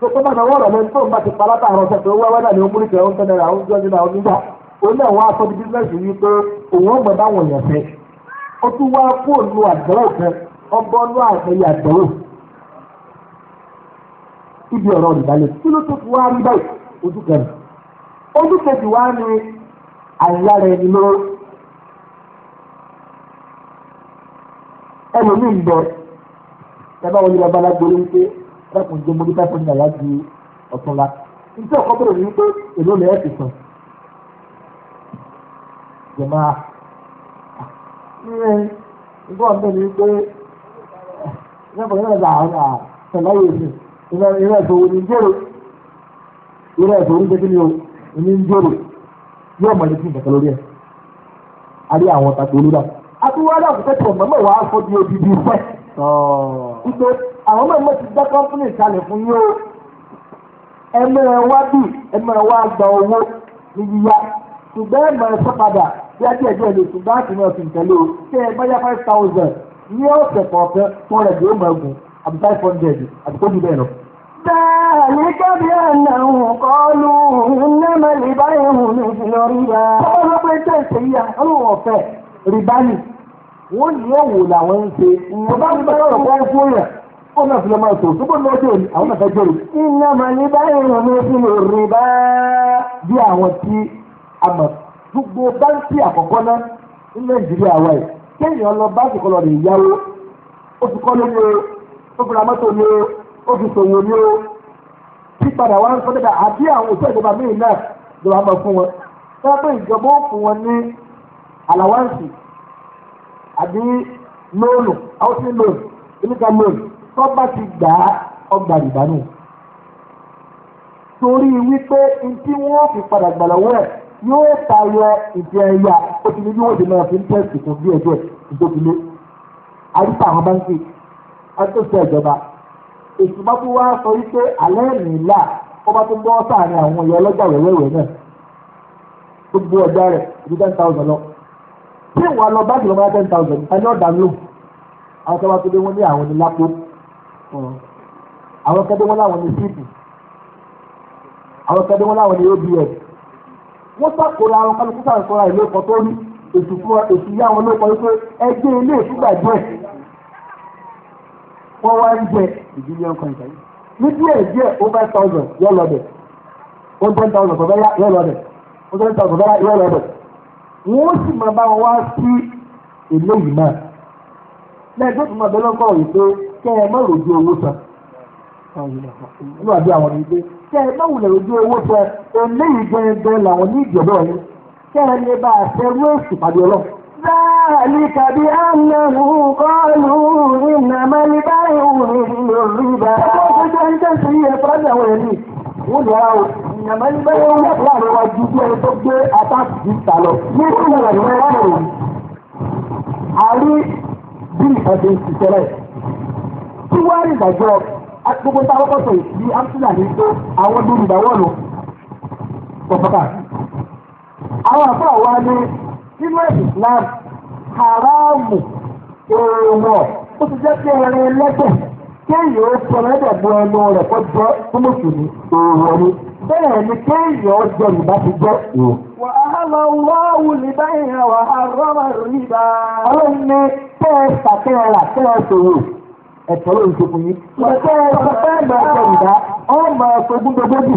tó tó bá náà wọ̀rọ̀ lẹ́nu tó ń bá ti palá tààrọ̀ ọ̀sẹ̀ tó wáwá ibi ọ̀rọ̀ ìbálẹ̀ kí ló tó fi wá rí báyìí ojú kẹrin ojú kejì wá ní àìlára ẹni lóró ẹni ní ìbẹ ẹbá wọlé babalágbó ló ń pé ẹkùn jẹ mọdé báyìí fún ìyá ju ọ̀túnla nítorí ọkọ bẹ̀rẹ̀ ní pé èló lẹ ẹ ti sàn jẹmọ ní ẹ nígbà wọn bẹ ní pé ẹ ẹ ní ọkọ yẹn lọ sàn àwọn àtẹlẹyìn ìsìn ìrìn ẹ̀sọ̀ òní jòrò ìrìn ẹ̀sọ̀ òní jẹ́kí ni o òní ń jòrò yóò mọ̀ ní kí n kẹ̀kẹ́ lórí ẹ̀ a rí àwọn tàbí olúdà àti wọn náà kò tẹ̀ mọ́mọ́ wàá fọ́ di odidi fẹ́ ìpè àwọn mọ̀mọ́ ti dá kọ́ńpínì kalẹ̀ fún yín o ẹ mẹ́rẹ̀ wá bì ẹ mẹ́rẹ̀ wá gba owó ní yíyá ṣùgbọ́n ẹ mẹ́rẹ̀ sọ padà bí a díẹ̀ díẹ̀ lè ṣùgbọ́n àti mẹ́rẹ̀ fi tẹ̀lé o ṣé ẹ bá yá five thousand ní ọ̀sẹ̀ kọ̀ọ̀kan fún rẹ̀ bí ó mọ̀ ẹ̀gùn àbí five hundred àbí kó jù bẹ́ẹ̀ lọ. ذلك بأنه قالوا إنما البيع مثل الربا. Bọ́lá ló pé tẹ̀ ṣe yá, ọlọ́wọ́ fẹ́ rìbá ni. Wọ́n ní ẹ̀wò làwọn ń ṣe. Bàbá mi bá yọ̀rọ̀ kọ́ fún yẹn ó náà fi lè máa sọ̀rọ̀ ṣùgbọ́n lọ́jọ́ òní àwọn náà fẹ́ jọ̀rọ̀. iná màá ní báyìí ràn mí sí lè bá. bí àwọn tí a mọ̀ gbogbo báńkì àkọ́kọ́ náà ní Nàìjíríà wa kéèyàn lọ báńkì kọlọ̀ rẹ̀ yáwó ó ti kọ́ lórí ó fura mọ́tò ni o ó fi sòwò ni o pípadà wọn ń sọdọ́dà àti àwọn òṣèlú ìjọba míì náà ìjọba máa fún wọn sábẹ́ ìjọba ó fún wọn ní àlàwáǹsì àbí lóònù housing loan oníkà lóònù tó bá ti gbà á ọgbà ìdánù torí wípé ntí wọn fi padà gbà lọ́wọ́ ẹ̀ yóò tayọ ìdí ẹ̀yà ó ti ní bí wọ́n ti máa fi ń tẹ̀sí fún díẹ̀ díẹ̀ ìdókòló àyíká àwọn báńkì àtúnṣe ìjọba ìtumọ̀ tó wá sọ wípé alẹ́ mi là ọba tó bọ́ sáàrin àwọn ìyá ọlọ́jà wẹ̀wẹ̀wẹ̀ náà gbogbo ọjà rẹ̀ ju ten thousand lọ tí ìwà lọ bá kìlọ̀ máa ten thousand ẹni ọ̀dà ló àwọn sábà tó dé wọn ní àwọn ní lápò àwọn kẹ́dé wọn láwọn ní síìpù àwọn kẹ́dé wọn láwọn ní abs wọ́n sàkóra àwọn kálukú sàkóra ìlú ọkọ̀ tó rí èsì fún èsì yá àwọn olóòkọ̀ wípé ẹgbẹ́ ilé ìfúgbà díẹ̀ wọ́n wá ń jẹ ìdílé ọkàn ìtàn yìí ní díẹ̀ díẹ̀ over thousand yọ lọ bẹ̀ one ten thousand kọ̀ọ̀bẹ́ yá yọ lọ bẹ̀ one ten thousand kọ̀ọ̀bẹ́ yá yọ lọ bẹ̀ wọ́n sì máa bá wọn wá sí èlé yìí náà lẹ́ẹ̀dẹ́ tó máa bẹ lọ́kọ̀ yìí pé kẹ́ ẹ má rojú owó san inú àbí àwọn yìí pé kẹ́ ẹ má wulẹ̀ rojú owó san èlé yìí gẹ́gẹ́ làwọn ní ìjọba yìí kẹ́ ẹ lè bá àṣẹ rú èsì pàdé ọlọ́run. ذلك بأنه قالوا إنما البيع مثل الربا wọ́n lọ ra o ìyàmẹ́lẹ́gbẹ́ yóò wọ́n wà lọ́wọ́ ju bí ẹni tó gbé àtàkì ìta lọ ní ìlànà ìwé wà lọ́wọ́ àrí bí ìfẹ̀sẹ̀ ìṣẹ̀lẹ̀ tí wọ́n rí ìdájọ́ gbogbo tá a kọ́kọ́ nínú Islam haramu èèwọ̀ ó ti jẹ́ kí ẹran ẹlẹ́dẹ̀ kéèyàn ó sọ ẹlẹ́dẹ̀ bu ẹnu rẹ̀ kó jẹ́ fún mùsùlùmí èèwọ̀ ni bẹ́ẹ̀ ni kéèyàn ó jẹ ìbá ti jẹ́ èèwọ̀. wà á lọ wá wùlí báyìí wà á rọ́mà rí bá. ọlọ́run ní tẹ́ ẹ sàkẹ́ra tẹ́ ẹ sòwò ẹ̀tọ́ ló ń ṣe fún yín. ìgbàgbọ́ ẹ̀rọ fẹ́ máa jẹ ìdá ọmọ ẹ̀kọ́ gbúgbogbo bì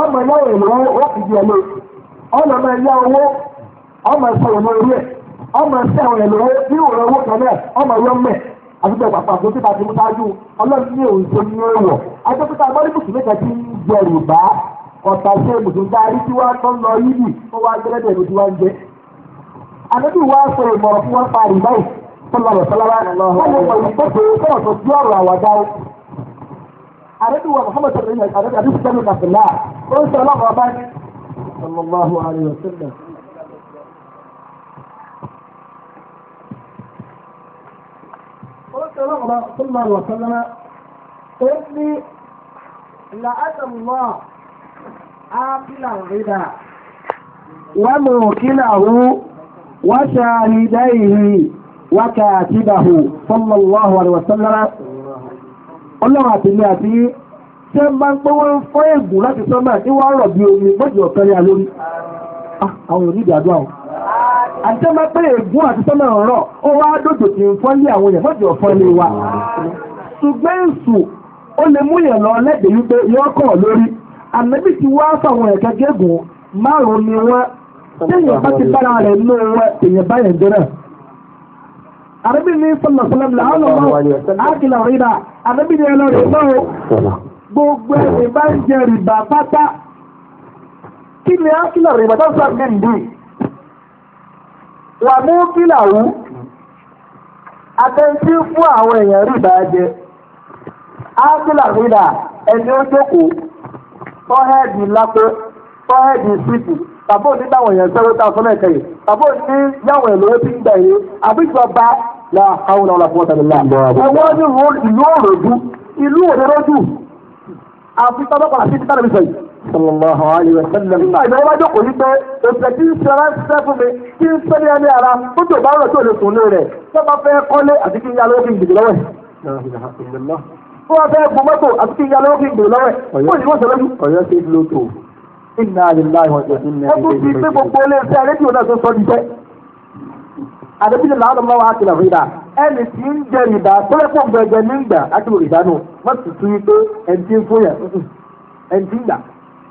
ọmọ náà èlò wọ́n fi di ẹ̀ lé ọlọ́mọ ẹ̀yà owó ọ ma wọn lórí ẹ̀ ọmọ ẹsẹ̀ wọn lórí ẹ̀ bí òun owó kan náà ọmọ ẹ̀yọ́ mẹ́ àtúntò ìpàpà tó ti bàtí mọ́tájú ọlọ́run ní òun tó ní ajọ́pítà ti ń jẹ rìbá ọ̀tà ṣe mùsùlùmí tí wọ́n lọ wá gẹ́lẹ́dẹ̀ ló ti sọ ìmọ̀ràn fún wọn pa rìbá yìí tó Muhammad ọlọ́run bá tó máa wọ̀ sọ́lọ́mọ́ ó ní làátàmùmọ́ ápìlà rídà wà mú kílà hù wà ṣàrídà ìhì wà kàtíbà hù sallallahu alaihi wa sallam ọlọ́run àtìlẹ́ àti tí wọ́n bá ń pé wọ́n ń fọ́ ègùn láti sọ́mà tí wọ́n rọ̀ bí omi mọ́jọ́ ọ̀kan ní alórí ah, àwọn onídàádọ́ àwọn àṣẹ máa pé ègún àti sọ́nà ọ̀rọ̀ ó wá dòdò kì í fọ́n lé àwọn èèyàn mọ́jọ́ fọ́n lé wa. ṣùgbọ́n èṣù ó lè mú yẹn lọ lẹ́gbẹ̀ẹ́ wípé yọ́kọ̀ lórí ànábì ti wá fáwọn ẹ̀ka gégùn márùn-ún ni wọ́n téèyàn bá ti bára rẹ̀ nú wọn èèyàn báyẹn dẹ́rẹ̀. ànábì ní sọ́nà sọ́nà làwọn ọmọ àkìlà rírà ànábì ní ẹlọ́rìí náà gbogbo ẹ̀ bá ń jẹ rìbà pátá kí ni àkìlà rìbà tó sọ wà mú kílàwú atẹ́ntí fún àwọn èèyàn rí ìbàjẹ́ ákílàrídà ẹni ó jókòó tọ́hẹ́ẹ̀dì lápẹ́ tọ́hẹ́ẹ̀dì síìtì tàbí òní dáwọn èèyàn sẹ́wọ́ tá a sọ lẹ́ẹ̀kẹ́ yìí tàbí òní yáwọn èlò ẹbí ń gbà yìí àbíjọba la àwọn ọlọ́pàá tẹ̀lé la ẹ̀wọ́n ní ìlú òròjú ìlú òròjú àfi tábàkọ̀ àti títàlẹ́bí sọ yìí sallallahu alayhi wa sallam. nígbà ìgbà wájú kò ní pẹ́ òṣèlú tí ń ṣe ránṣẹ́ fún mi kí n sẹ́ni ẹni ara tó tó bá rọ̀ tó lè sùn lé rẹ̀ tó bá fẹ́ kọ́lé àti kí n yálò kí n gbèdè lọ́wọ́ ẹ̀. tó bá fẹ́ gun mọ́tò àti kí n yálò kí n gbèdè lọ́wọ́ ẹ̀. ó ní wọ́n sọ lójú. ọ̀yọ́ ṣe ló tó. iná aláì wọ́n ti ní ẹni tó ti làwọn ọmọ wa kìlọ̀ fún ìdá ẹni tí ń jẹ ìdá tó gbẹgbẹ nígbà á ti wò ìdánù wọ́n sì tún yí pé ẹni tí ń fún yẹn ẹni tí ń gbà.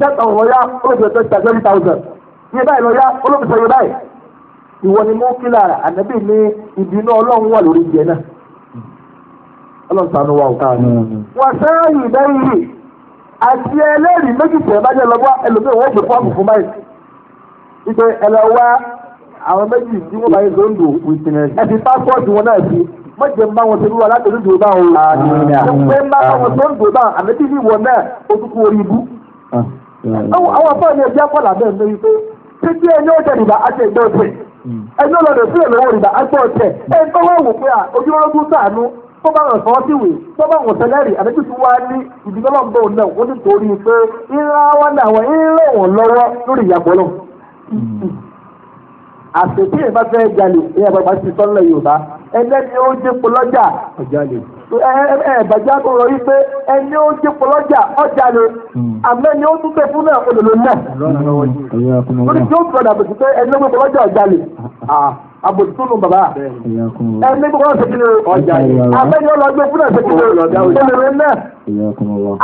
dẹ́ta ọ̀rọ̀ ya olóògbé tó ta seven thousand iye báyìí lọ ya olóògbé sọ iye báyìí ìwọ ni mú kílà ànábì ní ìbínú ọlọ́run wà lórí ìjẹ náà ọlọ́run sànú wa o. wà sẹ́yìn ìdáyìí àti ẹlẹ́rìí méjì tẹ̀ bá jẹ́ lọ́wọ́ ẹlòmíì wọ́n gbé fọ́ọ̀mù fún báyìí ìpè ẹlẹ́wà àwọn méjì tí wọ́n bá yẹ zondo ẹ̀sìn pásítọ̀tì wọn náà fi mọ̀jẹ̀ ń bá wọn ṣe wíwá láti ojú ìdòwò báwọn o. ẹ̀sìn pé ń bá wọn ṣe ń dòwò báwọn àmì àwọn afọ ẹni ẹbí akọ́là bẹ́ẹ̀ mẹ́ wípé títí ẹni ó jẹ ìgbà àti ẹgbẹ́ ọ̀tẹ̀ ẹni ọlọ́dọ̀ sí ẹ̀rọ ìgbà àgbọ̀ ọ̀tẹ̀ ẹni wò pé à tó bá síwèé tó bá ní náà pé ńlá wọn náà wọn ń lórí náà. àṣetí ìbá fẹ́ jalè ní ẹ̀bàgbà ti sọ́nà yorùbá ẹlẹ́ni ó jẹ́po lọ́jà ọ̀jalè ẹ̀bàjá tó rọ yí pé ẹni ó jẹ́po lọ́jà ọ̀jalè àmẹ́ni ó tún tẹ̀ fún náà olùlò náà lórí tí ó tọ̀dà bòtú pé ẹni ó jẹ́po lọ́jà ọ̀jalè àbòtúnú bàbá ẹni gbogbo ọ̀sẹ̀ kìlọ̀ ọjà abẹ́ni ọlọ́gbẹ́ fún ọ̀sẹ̀ kìlọ̀ olùrẹ́ náà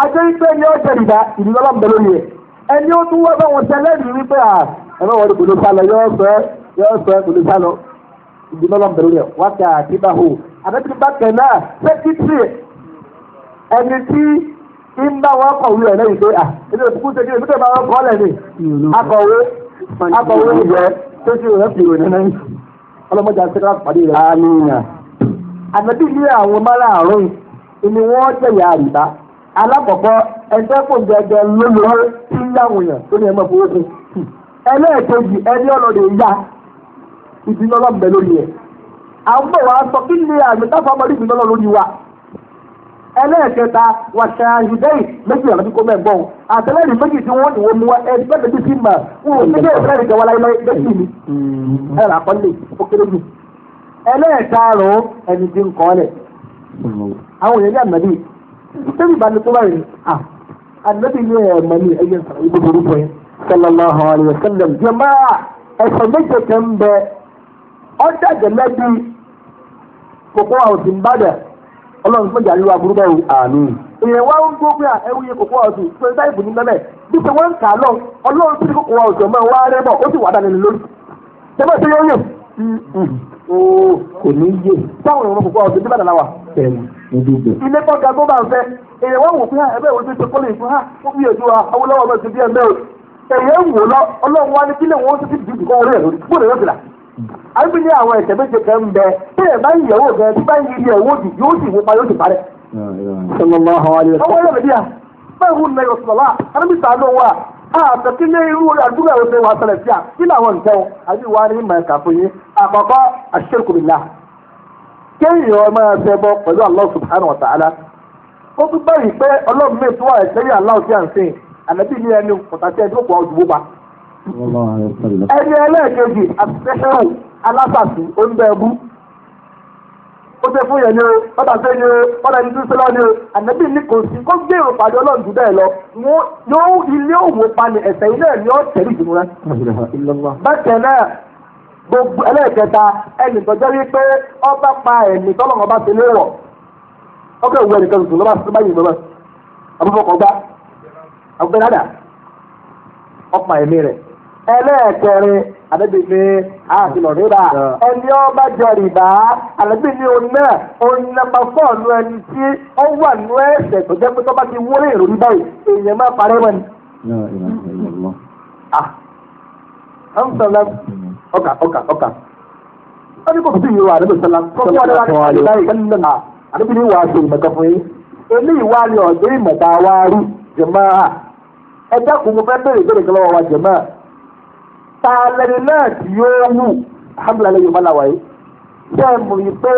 ajẹ́ ipe ni ọjà ìdá ìdílọ́lọ́ ẹni ó tún wá bá wọn sẹlẹ̀ rí wípé à ẹ̀rọ wọlé kò ló sálọ yọ ọ́ fẹ́ yóò sọ ẹ̀kọ́ lè sálọ bẹ̀rù rẹ̀ hù. náà sẹ́kítì ẹni tí ń bá wọn ẹ̀ lẹ́yìn à òkú ṣe kí ìdúkẹ́ máa kọ́ lẹ̀ ní akọ̀wé akọ̀wé ìjẹ́ tó ti rẹ̀ fi rẹ̀ nínú ọlọ́mọdé àṣekọ́lá pàdé rẹ̀. àníyàn àwọn wọ́n àrìbá alákọ̀ọ́kọ́ kò gẹ́gẹ́ tí ń ìbínú ọlọ́run bẹ lórí ẹ̀ à ń bọ̀ kí ni àmì táfà ọmọdé ìbínú lórí wa ẹlẹ́ẹ̀kẹta wà ṣàyàjùdẹ́yì méjì àbí kó mẹ́gbọ́n àtẹlẹ́rìí méjì tí wọ́n ìwọ mu ẹni bẹ́ẹ̀ bẹ́ẹ̀ sí mà wọ́n ò nílé ìfẹ́ rẹ̀ jẹ́wọ́ láyé bẹ́ẹ̀ sí mi ẹ̀ rà kọ́lé ó kéré mi ẹlẹ́ẹ̀karùn-ún ẹni tí ń kọ́ lẹ̀ àwọn èèyàn ní ànàbí tẹ́lẹ̀ ìbáni tó báyìí Ọ dàgẹ̀ lẹ́bi kòkó ọ̀sìn ìbàdàn fún wa èèyàn wá ń gbógun à ẹwú iye kòkó tó ń táìpù ní mẹ́mẹ́ bí pé ń kà á lọ ọlọ́run tí kòkó ọ̀sìn ọmọ ó sì wà dání lórí. tẹ́lẹ̀ tí yóò yẹ mm-hmm. oh, kò ní yé. kòkó wa. ilé tó bá ń fẹ́ èèyàn wá wò ha ah, ah, ó fi àbí ní àwọn ẹ̀sẹ̀ méje kan ń bẹ tí ẹ̀ bá ń yẹ̀wò gan tí bá ń yí ilé ẹ̀wò òdì yóò sì wípa yóò sì parẹ́. ọwọ́ ẹ̀rọ a à báyìí wù náà yọ̀sùn lọ́la àbí sàánú wa àtẹ̀kílẹ̀ a àdúrà rẹ̀ wà sẹlẹ̀ sí ó tún báyìí pé ọlọ́run mi tún wà ànábì ní ẹni kọ̀tà ẹni pọ̀ ọdún bó pa. ẹni ẹlẹ́ẹ̀kejì àti alásàtì oúnjẹ ẹbú ó ṣe fún yẹn ni o ṣe ni o bàtà ṣe tún ni o ànábì ní kò sí kó gbé èrò pàdé ọlọ́run jù bẹ́ẹ̀ lọ yóò ilé òwò pani ẹ̀sẹ̀ ilé ẹ̀ ni ó tẹ̀lé ìdùnnú rẹ. náà gbogbo ẹlẹ́ẹ̀kẹta ẹnì tọ́jọ́ rí pé ọba pa ẹ̀mí tọ́lọ́mọ bá ti léwọ̀ ọkọ̀ ìwé ẹnì kan lọ́ba báyìí lọ́ba gbá àbúfẹ́ àdébí ní àfihàn rírà ẹni ọba jọ rìbá àdébí ní òun náà òun nàmbà fọ́ọ̀nù ẹni tí ó wà nù ẹsẹ̀ tó jẹ́ pé tó bá ti wúrí ìròyìn báyìí èèyàn máa parẹ́ ah. wọn. ọkà ọkà ọkà wọ́n ní kò sí ìwà àdébí sọlá tó kí wọ́n ní báyìí kẹ́lí nínú àdébí ní ìwà àṣẹ ìmọ̀tọ́ fún yín eléyìí wá ní ọ̀dọ́ ìmọ̀tà wa rí jẹ̀mọ́ ẹ dákun mo fẹ́ bẹ̀rẹ̀ ìbéèrè kan wa jẹ̀mọ́ tààlẹ́ni náà tí yóò wù alhamdulilayi yóò má la wáyé ṣé ẹ mọ̀ yìí pé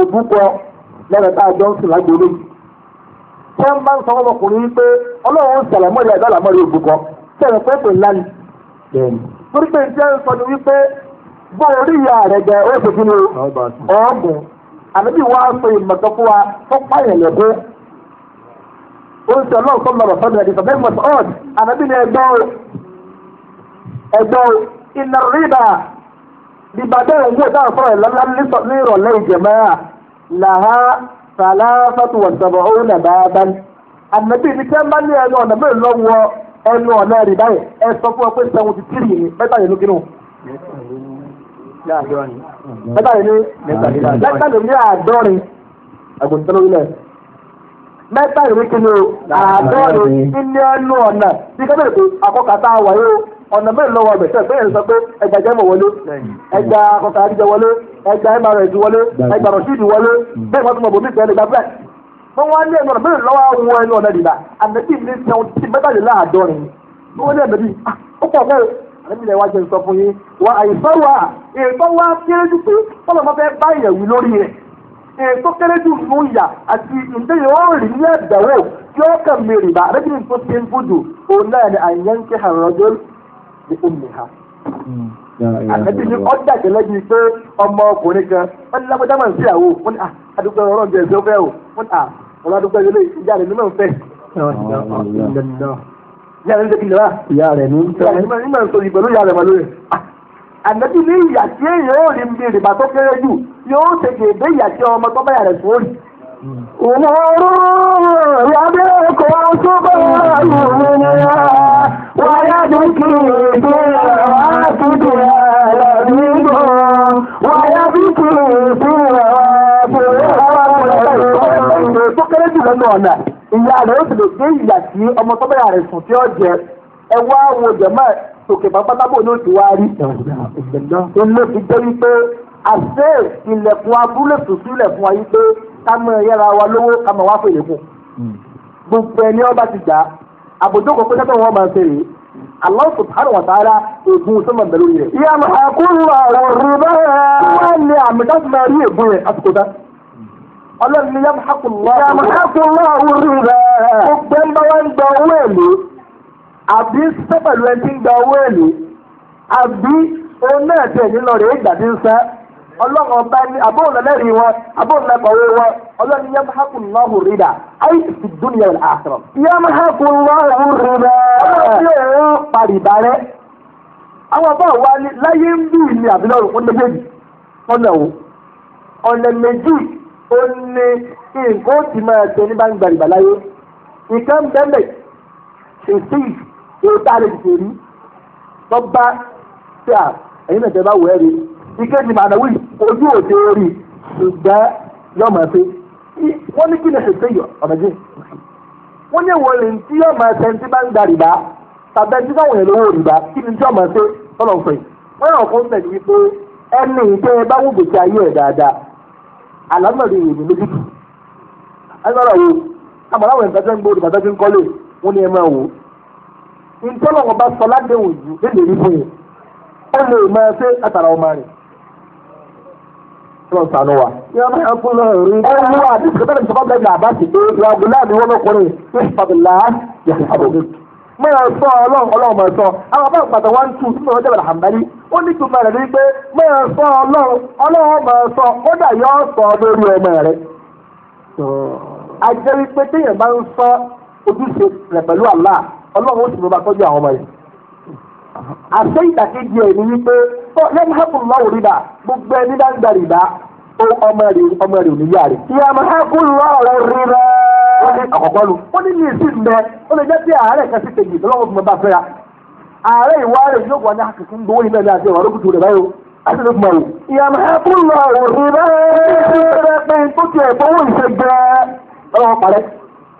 òbúkọ lẹ́nu tá a jọ ń sìn lágbóòló yìí ṣé ń bá ń sọ ọmọkùnrin yìí pé ọlọ́run ń sàlámọ́ ìyá ìdọ́là mọ́rí òbúkọ ṣé ẹ pé pé ńlá torí pé ṣé ń sọ ni wípé bó orí ìyá rẹ̀ gẹ̀ ó ṣe kí ni ọ̀ọ́gùn àbíbí wa pe ìmọ̀tọ́ fún wa tó pààyàn lẹ́kọ́ ó ń ọlọ́run sọ́nà ọ̀sán ẹgbẹ́ iná rírà bíbadé ìwé táwọn fọlọ́ ìlọ́lá ní ìrọ̀lẹ́ ìjẹ̀mẹ́ à làhá sàlásàtù wọ̀sàbọ̀ òun nà dáadáa ànàbí ibi tí wọ́n bá ní ẹnu ọ̀nà mẹ́rin lọ́wọ́ ẹnu ọ̀nà ẹ̀rí báyìí ẹ sọ fún ọ pé sẹ́wọ̀n ti tìrì ní mẹ́tàlélógún mẹ́tàlélógún àádọ́rin àgùntànlógún mẹ́tàlélógún àádọ́rin ilé ẹnu ọ̀nà bí kẹ́tẹ́ ọ̀nà mẹ́rin lọ́wọ́ ọbẹ̀ tẹ̀ bẹ́ẹ̀ sọ pé ẹgbà jẹ́mọ̀ wọlé ẹgbà kọkà àdìjẹ wọlé ẹgbà mrs wọlé ẹgbà rọ̀ṣídì wọlé bẹ́ẹ̀ wọ́n tún mọ̀ bòmí pẹ̀lú ìgbà bẹ́ẹ̀. wọ́n wá ní ẹ̀nà mẹ́rin lọ́wọ́ àwọn ẹni ọ̀nà ìdìbà ànàbí ní sẹ́wọ́n ti mẹ́tàléláàádọ́rin wọ́n ní ẹ̀nàbí ah, ó pọ̀ mọ́ àbí ilẹ̀ wa jẹ́ nǹkan fún yín wa àìsàn wa èèyàn wa kéré jù pé fọlọ́ máa fẹ́ bá èèyàn wí lórí rẹ̀ èèyàn tó kéré jù fún ìyà àti ìdẹ́yẹ̀ ó rí ní ẹ̀dẹ̀wò tí ó kàn mí rìbá àbẹ́bí ní nǹkan tó ṣe ń gbọ́dọ̀ òun náà ni àyẹ̀ǹkẹ́ àrọ̀jọ́ bí hmm. ó mi ha. àtẹ̀bí ni ọ́ dàjẹ́ lẹ́yìn pé ọmọ ọkùnrin kan wọ́n ní lágbàdá máa ń sí àwò wọ́n ní àdúgbò ah, ọ̀rọ̀ ọ̀gbìn ẹ̀sìn ọ̀fẹ́ o wọ́n ní àwọn àdúgbò ilé ìjà rẹ̀ nínú ọ̀fẹ́. ìyá rẹ̀ ń tẹ́kìlẹ̀ wá. ìyá rẹ̀ ní máa ń sọ ìgbẹ̀lú ìyá rẹ̀ màlúù rẹ̀. Ah, àtẹ̀bí ni ìyà tí èèyàn ò rí mi rìbà tó kéré jù yóò ṣe kèébé ìyà tí ọmọ tó bá yà rẹ̀ sórí. نور يبيك وصبر يؤمنها ويبكي في رواتبها لبيب ويبكي في رواتبها tó kéré jùlọ náà nà ìyá rẹ̀ ó sì lè dé ìyà tí ọmọ tó bẹ̀rẹ̀ rẹ̀ sùn tí ó jẹ ẹ wá wo jẹ̀mọ́ sókè pátábò ní oṣù wa rí. ilé fi jẹ́ wípé àṣẹ ilẹ̀kùn abúlé tún sílẹ̀ fún wa yí pé ká mọ ẹyẹra wa lówó ká wá fèrè fún hmm. gbogbo ẹni ọba ti gbà àbójútó kò pẹ́ẹ́tẹ́ wọn máa ń fèrè Allah subhanahu wa ta'ala ègún sọ́mọ̀ bẹ̀rù yẹn. ìyàmù àkúrò àwọn rúbẹ́ wọ́n ní àmì tó máa rí ègún yẹn àsìkò dá. ọlọ́run ní yàmù àkúrò yàmù àkúrò gbogbo ẹni bá gba owó èlò àbí ẹni tí ń gba owó èlò àbí ọlọ́run ọba ní abóhùnlẹ́rì wọn abóhùnlẹ́kọ̀wé wọn ọlọ́run yẹn máa kún lọ́hù rírà ayé ti dún yẹn àtọ̀. yẹn máa kún lọ́hù rírà. ọlọ́run yóò parí ìbárẹ́. àwọn bá wa ní láyé ń bí ìlú àbílọ́rùn ó lébèjì ọ̀nà wo ọ̀nà méjì ó ní nǹkan ó ti máa ṣe ní bá ń láyé nǹkan bẹ́ẹ̀ ṣèṣì yóò tá a ìkéjì màdàwí ojú òde orí ṣùgbọ́n yóò máa ṣe wọ́n ní kí ni ṣe ṣèyọ ọ̀nàjì wọ́n ní ìwọ̀n rìn tí yóò máa ṣe ti máa ń da rìbá tàbí ẹni tí wọ́n wọ̀nyẹn lówó rìbá kí ni tí yóò máa ṣe tọ́lọ̀ fẹ̀ wọ́n yàn fún sẹ́ni wípé ẹni ìgbẹ́ bá wù gbèsè ayé ẹ̀ dáadáa àlámọ̀rí ìrìn lójú tù ẹgbẹ́rẹ́ wo àmọ́láwọ̀ ẹ̀ka tẹ́ ń gbóòdì bàtà tí ń kọ́lé wọn ni ẹ máa wò ntọ́lọ̀ wọn bá sọ ládéhùn jù lé lọ sànù wa. yàrá yà kú lọ rí. ẹ wú wa àti sèkítà ní sọfà bẹ́ẹ̀ ní àbáṣe pé ìwà gùn láàbí wọn lọkùnrin ní ìfàbílà yàtọ̀ àbòmí. mẹ́rin sọ ọlọ́run ọlọ́run mọ̀ sọ àwọn bá pàtó wá ń tù sí ọjọ́ ìbẹ̀rẹ̀ àǹbáyé ó ní tù mẹ́rin ní pé mẹ́rin sọ ọlọ́run ọlọ́run mọ̀ sọ ó dà yọ sọ lórí ọmọ rẹ̀. àjẹ́ wípé téèyàn bá ń sọ ojúṣe rẹ̀ pẹ̀lú àlá ọlọ́run ó sì mú àṣẹ ìdàkejì ẹ̀ ni wípé ọ yẹn hẹ́kùn lọ́wọ́ rìbá gbogbo ẹni bá ń gba rìbá ó ọmọ rẹ̀ ọmọ rẹ̀ òní yára rẹ̀. yẹn hẹ́kùn lọ́wọ́ rìbá. wọ́n ní ọ̀kọ̀kọ́ lu wọ́n ní ní ìsìn bẹ ó lè jẹ́ pé ààrẹ kan sí kejì lọ́wọ́ fún mi bá fẹ́ra ààrẹ ìwá rẹ̀ yóò wà ní àkùkù ń gbowó ìbẹ̀rẹ̀ àti ọ̀rọ̀ kùtù rẹ̀ báyìí àti ló gbọ̀rù. ìyàmù ẹkún lọ òrùn rẹ̀ ṣe pé tó ti ẹ̀kọ́ owó ìṣe jẹ́ ọ̀rọ̀ parẹ́.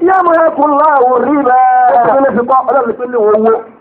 ìyàmù ẹkún lọ òrùn rẹ̀ ṣe pé lè fi kọ́ ọlọ́run pé lè wọ́n wó.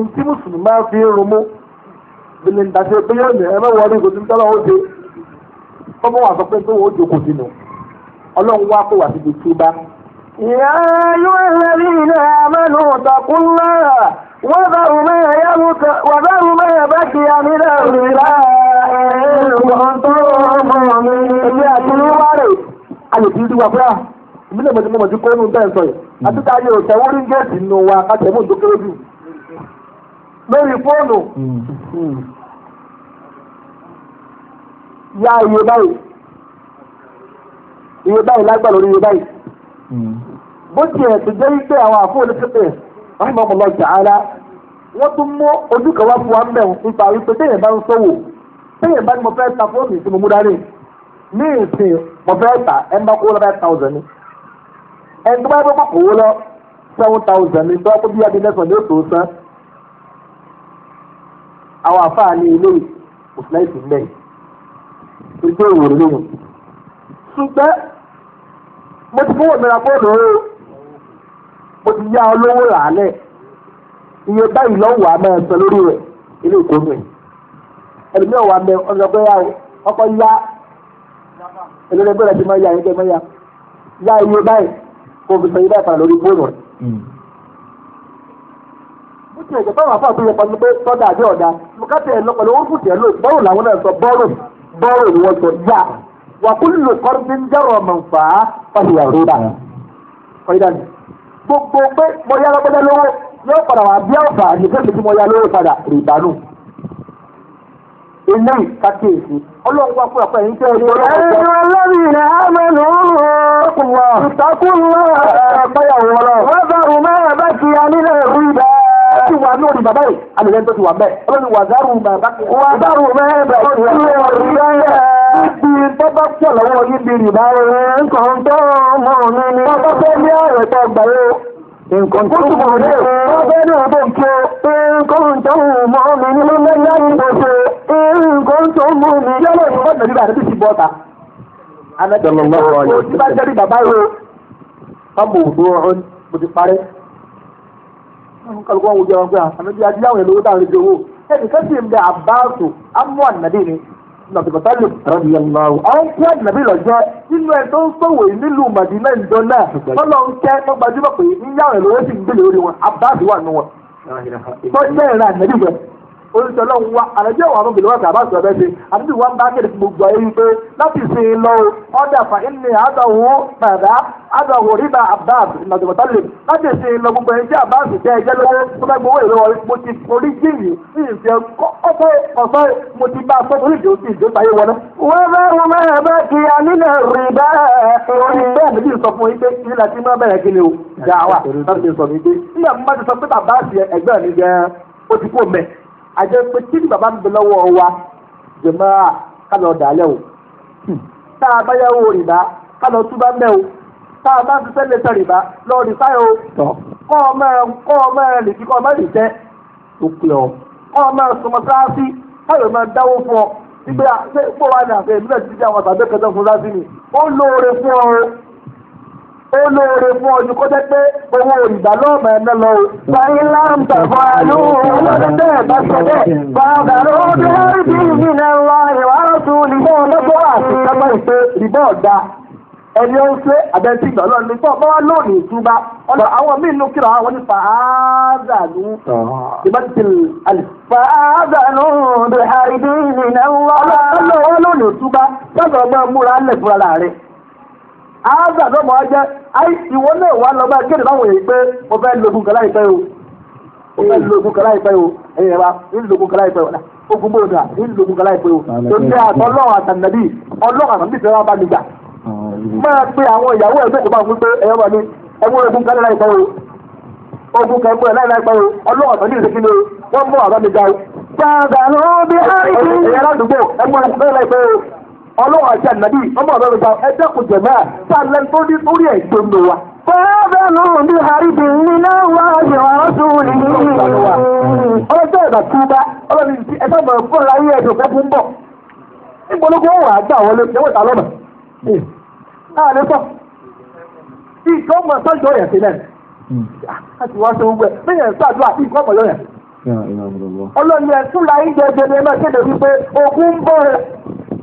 ntí mùsùlùmí ma fi irun mú bìlì ntàṣe pé yóò ní ẹmẹ wọlé ìgòtí ń tọ́lọ́ òde fọ́mọ́ wà sọ pé pé wọ́n jókòó sínú ọlọ́run wá kó wà síbi tí ìyá yóò lẹ́rí ilé rẹ̀ a lè fi bẹ́ẹ̀ sọ yìí àti táyé wa ìdókòwò lórí fóònù hmm. Hmm. ya iye báyìí iye báyìí lágbàá lórí iye báyìí hmm. bó tiẹ̀ ti jẹ́ wípé àwọn àfọwọ́lé pípẹ́ rahimahullah ta'ala wọ́n tún mú ojú kan wá fún wa mẹ́wọ̀n nípa wípé téèyàn bá ń sọ́wọ́ téèyàn bá ní mo fẹ́ ta fóònù tí mo mú dání ní ìsìn àwọn àfáà ní ilé òsínláìsì mẹ́rin ìgbé ìwòrán lóhùn. ṣùgbọ́n mo ti fowó mìíràn fóònù o mo ti yá olówó làálẹ̀ iye báyìí lọ́wọ́ àmọ́ ẹ̀sán lórí rẹ̀ ilé ìkónú ẹ̀ ẹlòmíràn wà mẹ ọ̀nà pé ya ọkọ̀ yá ẹlòmíràn bẹ̀rẹ̀ ti máa ya ẹ̀yìn kẹ́ máa ya ya iye báyìí kò fi sọ iye báyìí padà lórí fóònù rẹ̀. Hmm tí ẹ̀jẹ̀ táwọn afọ àti ìyẹ̀pọ̀ ni pé sọ́dà àbí ọ̀dà bùkátà ẹ̀ lọ pẹ̀lú owó fùtì ẹ̀ bọ́ọ̀rù làwọn náà sọ bọ́ọ̀rù bọ́ọ̀rù ni wọ́n sọ yá wà kú lò kọ́rin jẹ́rọ̀ ọmọ nfà á fàṣẹ ìyàwó rẹ̀ dànù. ni gbogbo pé mo yá lọ́gbẹ́dẹ́ lówó yóò padà wà bí ọ̀fà ní fẹ́mi tí mo yá lówó padà rè dànù. ilé ìkàkíyèsí ọlọ́run wá fún ọ̀pẹ́ ti wà lórí bàbá yìí alẹ́ tó ti wà bẹ́ẹ̀ ọlọ́ni wàzárù bàbá kí. wàzárù mẹ́ẹ̀bà tí ó rí bẹ́ẹ̀. níbi bàbá tí ọ̀lọ́wọ́ yìí di rìbá rẹ̀ nǹkan tó mọ̀ ní ni. bàbá fẹ́ ní ààrẹ tó gbà yóò. nǹkan tó mọ̀ ní. bàbá ní ọdún tó. nǹkan tó mọ̀ ní ni ló lẹ́yìn àyìnbó ṣe. nǹkan tó mọ̀ ní. yálà ìfọ́ nàìjíríà rẹ̀ ti ti bọ́ta. alẹ́ tó ti bá jẹ́rìí bàbá rẹ̀ kálukú wọn wojú ara pé ànábi adé àwọn èlò dáhùn lójú owó ẹnì kan sì ń bẹ àbáàtò amú ànábi ni nàbìbàtàlù rẹ̀bìyànláwò. àwọn kí ànábi lọ jẹ nínú ẹ tó ń sọ̀wọ̀ yìí nílùú màdínà ìjọ náà tọ́lọ̀ ń kẹ́ wọ́n gbajúmọ̀ pé níyàwó èlò ó sì ń gbélé orí wọn àbáàtò wà nù wọn. tọ́jú ẹ̀rọ ànábi yẹn oríṣiríṣi ọlọ́run wa àlejò àwọn ọmọbìnrin wa kàbá sọ bẹ́ẹ̀ ṣe àdúgbò wa ń bá kéde gbogbo ayé wípé láti ṣe é lọ o ọ̀dà fà ilé àdàwò bàdà àdàwò rìbà abbas ìmọ̀tòmọ̀tálè láti ṣe é lọ gbogbo ẹni tí abbas jẹ́ ẹjẹ́ lọ́wọ́ tó bá gbowó ìwé wọlé mo ti forí jìnnì ní ìfẹ́ ọ̀pọ̀ ọ̀sọ́ mo ti bá a sọ orí ìdíwọ́ ti ìdíwọ́ ta yé wọlé. wọ́n bá wọn máa bá kí alílẹ̀ rìbá orin bẹ́ẹ̀ mi ti sọ fún yín pé ilé àti máa bẹ̀rẹ̀ kí ni o dáa wà láti sọ mi pé nígbà mo bá ti sọ pé bàbá àti ẹgbẹ́ mi gan-an ó ti kó mẹ́ àjẹ́ pé tí bàbá ń bẹ lọ́wọ́ wa jẹ̀mọ́ à ká lọ dàálẹ̀ o hmm. tá a bá yáwó rìbá ká lọ túbá mẹ́ o tá a bá fífẹ́ lẹ́sẹ̀ rìbá lọ rì fáyà o kọ́ ọ máa kọ́ ọ máa rì kí kọ́ ọ máa rì tẹ́ tó pè ọ́ kọ́ ọ máa sọmọ sáásí káyọ̀ máa dáwó fún ọ nígbà pé pọ̀ wá ní àfẹ́ ìbílẹ̀ ti di àwọn àtàbẹ́kẹ́jọ́ fún sáásí ni ó lóore fún ọ ó lóore fún ọdún kó jẹ́ pé owó ìgbà lọ́ọ̀mọ̀ ẹ̀ná lọ o. Báyìí láàmú tàbí àlú ọlọ́dún bẹ́ẹ̀ bá ṣe bẹ́ẹ̀. Bàbá ló dé bí mi náà wá ìwà ọ̀tún nígbà ọlọ́gbọ́ àti kábọ̀ ìpè ìbọ̀ ọ̀dà. Ẹni ó ń ṣe àbẹ̀tí ìgbà ní fún ọ̀bọ̀wá lónìí ìtúbá. Ọ̀nà àwọn míì ló kíra àwọn ní fàáza lù. Ìbátí àlè. Fàáza ló ń bẹ̀rẹ̀ àìdí ìrìnà wá. Ọlọ́run Aza tó mọ̀ ọ́ jẹ́ ayé ìwọ náà wà lọ́gbà kéde báwọn èyí pé mo fẹ́ lógun kan láìpẹ́ o mo fẹ́ lógun kan o ẹ̀yẹ̀ o ogun bó da o tó ní àtànàbí ọlọ́wọ́ àtànàbí fẹ́ bá mi gbà máa pe àwọn ìyàwó ẹ̀ fún pé ẹ̀yẹ́ ogun o ogun o ọlọ́wọ́ àtànàbí ọlọ́wọ́ àti ànàbí ọmọ ọ̀dọ́ ìgbà ẹjẹ́ kò jẹ̀ mẹ́à tá a lẹ́nu tó ní orí ẹ̀ tó ń lò wá. fẹ́ẹ́bẹ̀rù bí haribi nínú wa ṣe wà lọ́sùn òní. ọlọ́jọ́ ìgbà tó bá ọlọ́ni ti ẹ̀ṣọ́ mọ̀ fún ra yẹ ẹ̀ṣọ́ fẹ́ fún bọ̀. ìpolówó wà á gbà wọlé ẹwọ́ ìta lọ́nà. láàrin sọ ìkọ́ mọ̀ sọ́jọ́ yẹn sílẹ̀ láti wá ṣe gbogbo ẹ̀ bẹ́ẹ̀ yẹn sọ́jọ́ àti ìkọ́ mọ̀ yọ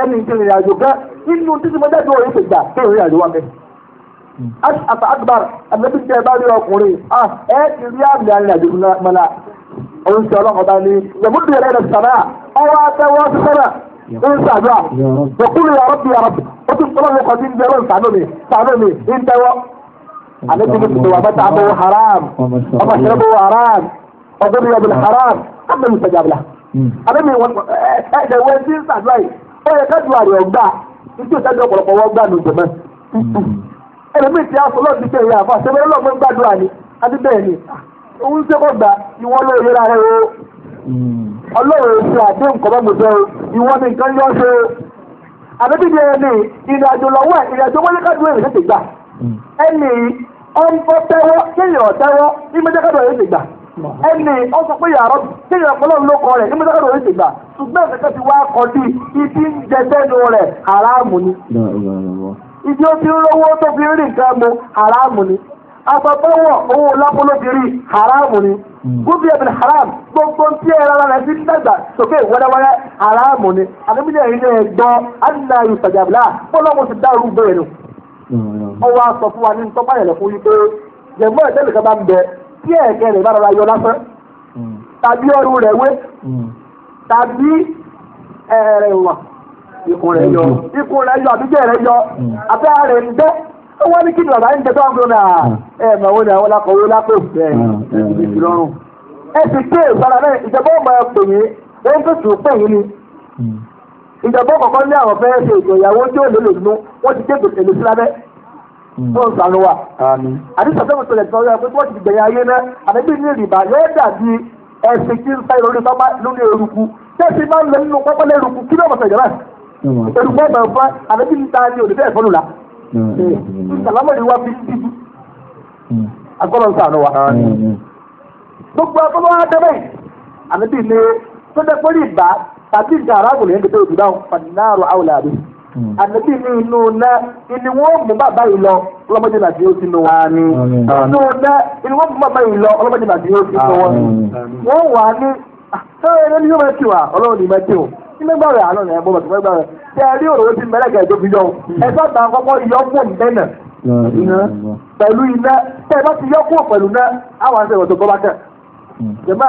ẹni tí ìrìn àjò gan inú títí mo jáde òye ìgbà tó ìrìn àjò wa mẹ. àtà akbar àbẹ́bí tẹ bá rí ọkùnrin ah, ẹ ti rí àmì àrìn àjò mọ́lá òun ṣe ọlọ́run ọba ní yẹ̀múdù yẹ̀rẹ́ rẹ̀ sàmà ọwọ́ àtẹwọ́ sọ́nà ń sàdúrà òkúrò yàrá bí yàrá ó tún tọ́lọ́ mi kọjú ní ẹ̀rọ ìsànú mi ìsànú mi ń tẹ́wọ́. àlejò mi ti wà bàtà àbò haram ọmọ ìṣẹ́bù haram ọgbẹ́ni ọ̀bìn haram ọmọ ìṣẹ́jà bìlà. àlejò ìwọ̀n ẹ̀ẹ́dẹ̀wẹ́ ti ń sàdúrà yìí ó yẹ ká tiwa rẹ̀ gbà títí ìtẹ́jú ọ̀pọ̀lọpọ̀ wọ́n gbà ní e hmm. ẹlòmíì ti aṣọ lọ́ọ̀dù pé ìyá àfa ṣẹlẹ̀ ọlọ́gbọ́n gbàdúrà ni àti òun ṣe gbà ìwọ́n o hmm. ọlọ́run ṣe àdéhùn kọ́ mọ́mọ́ sọ ìwọ́n ní nǹkan yọ ṣe o àbẹ́bí ni ẹni ìrìn àjò lọ́wọ́ ẹ̀ ìrìn àjò wọlé gbà hmm. ẹnì ọsọ pé yàrá kéèyàn ọpọlọ́run ló kọ rẹ̀ ní mọ́tàkàtà orí ìgbà ṣùgbọ́n ìfẹ́kẹ́ ti wá kọ dí ibi ń jẹ sẹ́nu rẹ̀ haramu ni. ibi ó ti ń rówó tó fi rí nǹkan mu haramu ni. agbábọ́wọ̀ owó lápóló fi rí haramu ni. Hmm. gúbí ẹ̀bìn haram gbogbo tí ẹ̀rọ ara rẹ̀ ti ń dàgbà sókè wẹ́rẹ́wẹ́rẹ́ haramu ni. àdébíyẹ̀ ilé ẹ̀gbọ́ adìlá ìfàjàbílà fọlọ́mù ti dá orúgbó yẹn nù. ọwọ́ aṣọ fún wa ní ntọ́pá yẹn lọ fún yí pé jẹ̀mọ́ ẹ̀tẹ́lẹ̀ kan bá ń bẹ tí ẹ̀gẹ́ rẹ̀ bá rọra yọ lásán hmm. tàbí ọrùn rẹ̀ wé hmm. tàbí ẹ̀rẹ̀ wà ikùn rẹ̀ yọ ikùn rẹ̀ yọ àbíjẹ́ rẹ̀ yọ hmm. abẹ́ rẹ̀ ń bẹ́ ó wọ́n ní kí ni bàbá ń jẹ tó ń gbóná ẹ̀ mọ̀ wọ́n ní àwọn lákọ̀wé lápò ẹ̀ ìbí lọ́rùn ẹ ti ké ìpara náà ìjọba ọmọ ẹ pè yín wọ́n tó tù ú pè yín ni ìjọba ọkọ̀ọ̀kan ní àwọn fẹ́ẹ́ ṣe ìjọ tí ó lè lò nínú wọ́n ti ké gbèsè lè fún hmm. ìsànú wa. àdìsọ sẹ́wọ̀n tẹ̀lé tí wọ́n yọ pé wọ́n ti gbẹ̀yìn ayé náà àdébí ní ìrìbà yóò dàbí ẹ̀sìn tí ń sá ìròyìn tó bá lónìí eruku tẹ́sí máa ń lọ nínú pọ́pọ́lẹ́ eruku kí ló mọ̀ sọ̀rọ̀ báyìí. Hmm. eruku ọ̀bẹ̀ ọ̀fọ́ àdébí ní ta ni òdìdẹ́ ẹ̀fọ́ lula. Hmm. sàlámọ̀ ni wọ́n fi ń dìbò. agbọ́dọ̀ sànú wa. gbogbo agbọ́dọ̀ wa dẹ́bẹ̀ àdébí ni tó dẹ́ pẹ́lú ìgbà tàbí ìgbà aráàlú Hmm. ànábì ní inú ná ni wọ́n mú bàbá yìí lọ ọlọ́mọdé nàbí ó sínú wa ni inú ná ni wọ́n mú bàbá yìí lọ ọlọ́mọdé nàbí ó sínú wọn wà a ah, rí fi yọ hmm. ẹ yọ iná ẹ bá ti yọ kúrò iná àwọn àṣẹ ìwọ̀n tó gbọ́ bá tẹ̀. Hmm. jẹ̀mọ́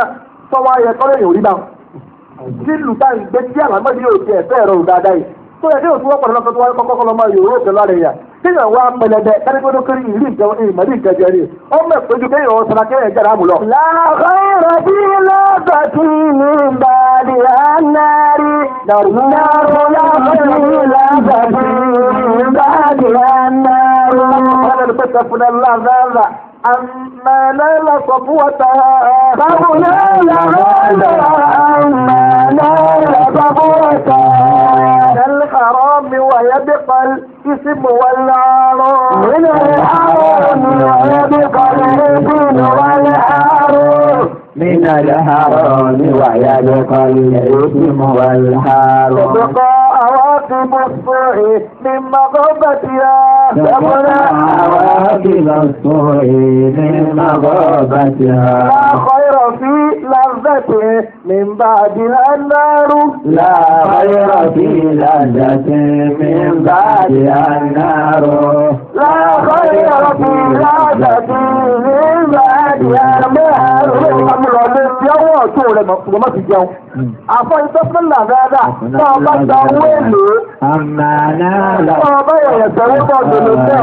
kọ́lé yòó rí bá tó yẹ kí o tún wọ́pọ̀ lọ́kọ̀ tó wáyé kọ́kọ́ lọ́mọ yòówó pẹ̀lú àlẹ́ yà kéèyàn wá pẹlẹbẹ kárígbódó kiri ìlú ìjẹun ìmọ̀lẹ́ ìjẹjẹ rè ó mọ̀ pé ju kéèyàn ọ̀sán akéèyàn jẹ́ra mú lọ. làkọ́ ìrọ̀bí lọ́sọ̀ tí mi ń bá di ànárí. dàrú làkọ́ ìrọ̀bí lọ́sọ̀ tí mi ń bá di ànárí. ọlọ́run pẹ̀sẹ̀ fún ẹ lọ́sàáza àmà lẹ́la sọ̀fún wọ́tà. bàbá lẹ́la lọ́sọ̀ àmà lẹ́la sọ̀fún wọ́tà. ويبقى الاسم والعار من الهارون ويبقى الاسم والعار من الهارون ويبقى الاسم والعار عواقب السوء من مغابتها تبقى عواقب السوء من مغابتها لذة من بعدها النار لا خير في لذة من بعدها النار لا خير في لذة من بعدها النار tó rẹ̀ mọ̀ má ti jẹun. àfọyín tó fún là dáadáa tó o bá gba owó èlò tó o bá yẹ̀yẹ̀ sọ̀rọ̀ bọ̀ gbèlò mbẹ́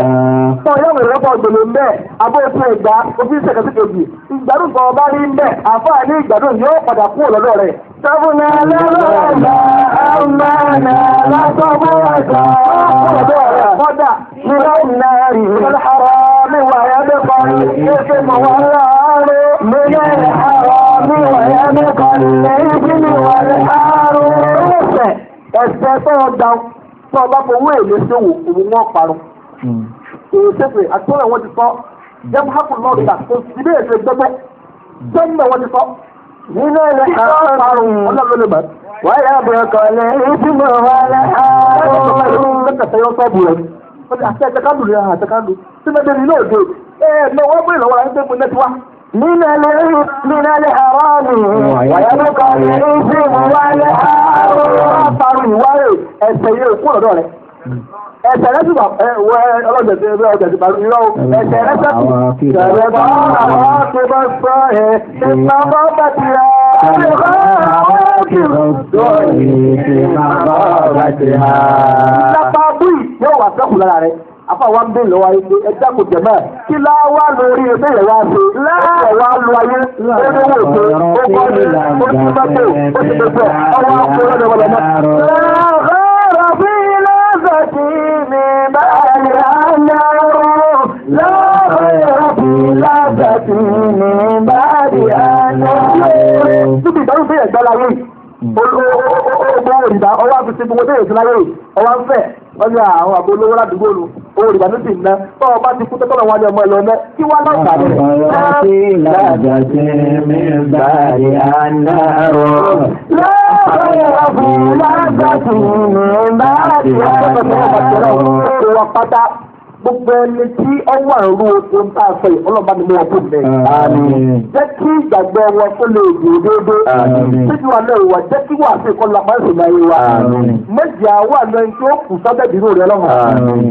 tó o yẹ̀wò rẹ̀ bọ̀ gbèlò mbẹ́ abóòtú ìgbà òfin ṣèkẹ́sìkẹ́bì ìgbàdùn kan ọba rí mbẹ́ àfọyà ní ìgbàdùn yóò padà kú ọ̀lọ́dọ̀ rẹ̀. sọ́bùnà lọ́wọ́ ọ̀nà ọ̀nà lọ́sọ̀bọ̀ ọ̀dọ̀ ọ̀dọ̀ ọ̀dọ̀ من الحرام ويبقى العجل والحروف ẹsẹ tó ń da tó ọba fowó èlé sówò òun wọn parun èyí sẹpẹ àtúnrẹ wọn ti sọ jẹun hapun náà gbà kó sílé èdè gbẹgbẹ jẹun náà wọn ti sọ. nínú ilé àwọn parun ọlọ́run ló wọ́n yà bọ̀ kọ́lé ìtumọ̀ wọn lẹ́hàrún. من من الحرام ويبقى الاسم والحار وطر ẹsẹ̀ yìí kú ọ̀dọ̀ rẹ̀ ẹsẹ̀ rẹ̀ tún bá wẹ ọlọ́dẹ tí ẹgbẹ́ ọ̀dẹ tí bá yọ ẹsẹ̀ rẹ̀ sẹ́kù ṣẹlẹ̀ bá àwọn tó bá sọ ẹ̀ ṣe máa bá bàtìrà ṣe bá àwọn kì í sọ ẹ̀ ṣe máa bá bàtìrà. ìjàpá bùi yóò wà sẹ́kù lára rẹ̀ àfàwọn ń bèèrè lọ́wọ́ ayé pé ẹja kò jẹ̀ mẹ́ẹ̀ kí láwá lórí ẹgbẹ́ yẹn wá ṣe ẹgbẹ́ wá lu ayé ẹgbẹ́ wò ṣe ó kọ́ ní oṣù mẹ́tò oṣù mẹ́tò ọwọ́ akọ̀rọ̀ lọ́wọ́ lọ́wọ́. lọ́kọ̀rọ̀ fi lọ́sọ̀tì mi báyìí àlọ́rọ̀ lọ́kọ̀rọ̀ fi lọ́sọ̀tì mi báyìí àlọ́rọ̀. níbi ìdáhùn bí ẹ̀gbẹ́ láyé olówó ìdá ọwọ́ àfi ti gbogbo dé èsì láyé ọwọ́ àfẹ́ ọjà àwọn àbólówó ládùúgbò lu olùgbà ló sì ná bá ọba ti kú tọ́tọ́ wọn ni ọmọ ẹlọ ná kí wọ́n lọ́ọ̀kà rẹ̀. láti lájà sí mi báyìí ànáró. láàárọ̀ ọ̀hún lájà sí mi gbogbo ẹni tí ọwọ́ àrùn ohun tá a sọ yìí ọlọ́ba ni mo wà fún mi. jẹ́ kí ìgbàgbọ́ wọn kó lè dè déédéé. títí wa náà wà jẹ́ kí wà á sì kọ́ la máa ń sìn láyé wa. méjì àwọn àlọ́ ẹni tí ó kù sábẹ́ bínú rẹ̀ lọ́mọ.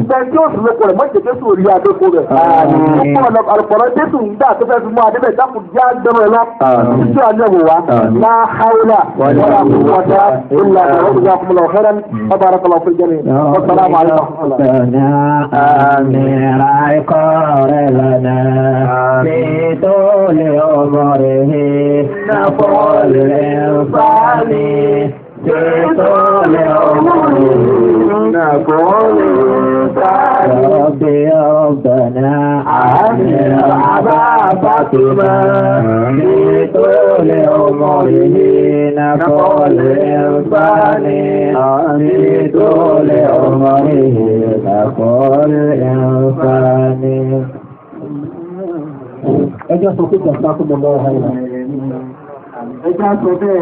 bẹ́ẹ̀ tí ó sì lóko rẹ̀ méjì jésù rí adéko rẹ̀. ọ̀pọ̀lọpọ̀ àlùkọ̀rọ̀ jésù ń dà tó fẹ́ fi mú adébẹ̀ dákú já gbẹrẹ lọ. títí wa náà wà lá haúlà wàlá kúwàtà ìlà ọ̀rọ̀ ìyá kúmọ̀lá ọ̀hẹ́rẹ́ mìíràn ikọ́ rẹ̀ lọ́nà bí tó lè ọmọ rẹ̀ ní nàpọ̀ lè ń pa mí نكون ربي ربنا عامل أبا فاطمة في طول عمره نقول إنسان في طول عمره نقول إنسان أجل فقط أصلاكم الله هيا أجل فقط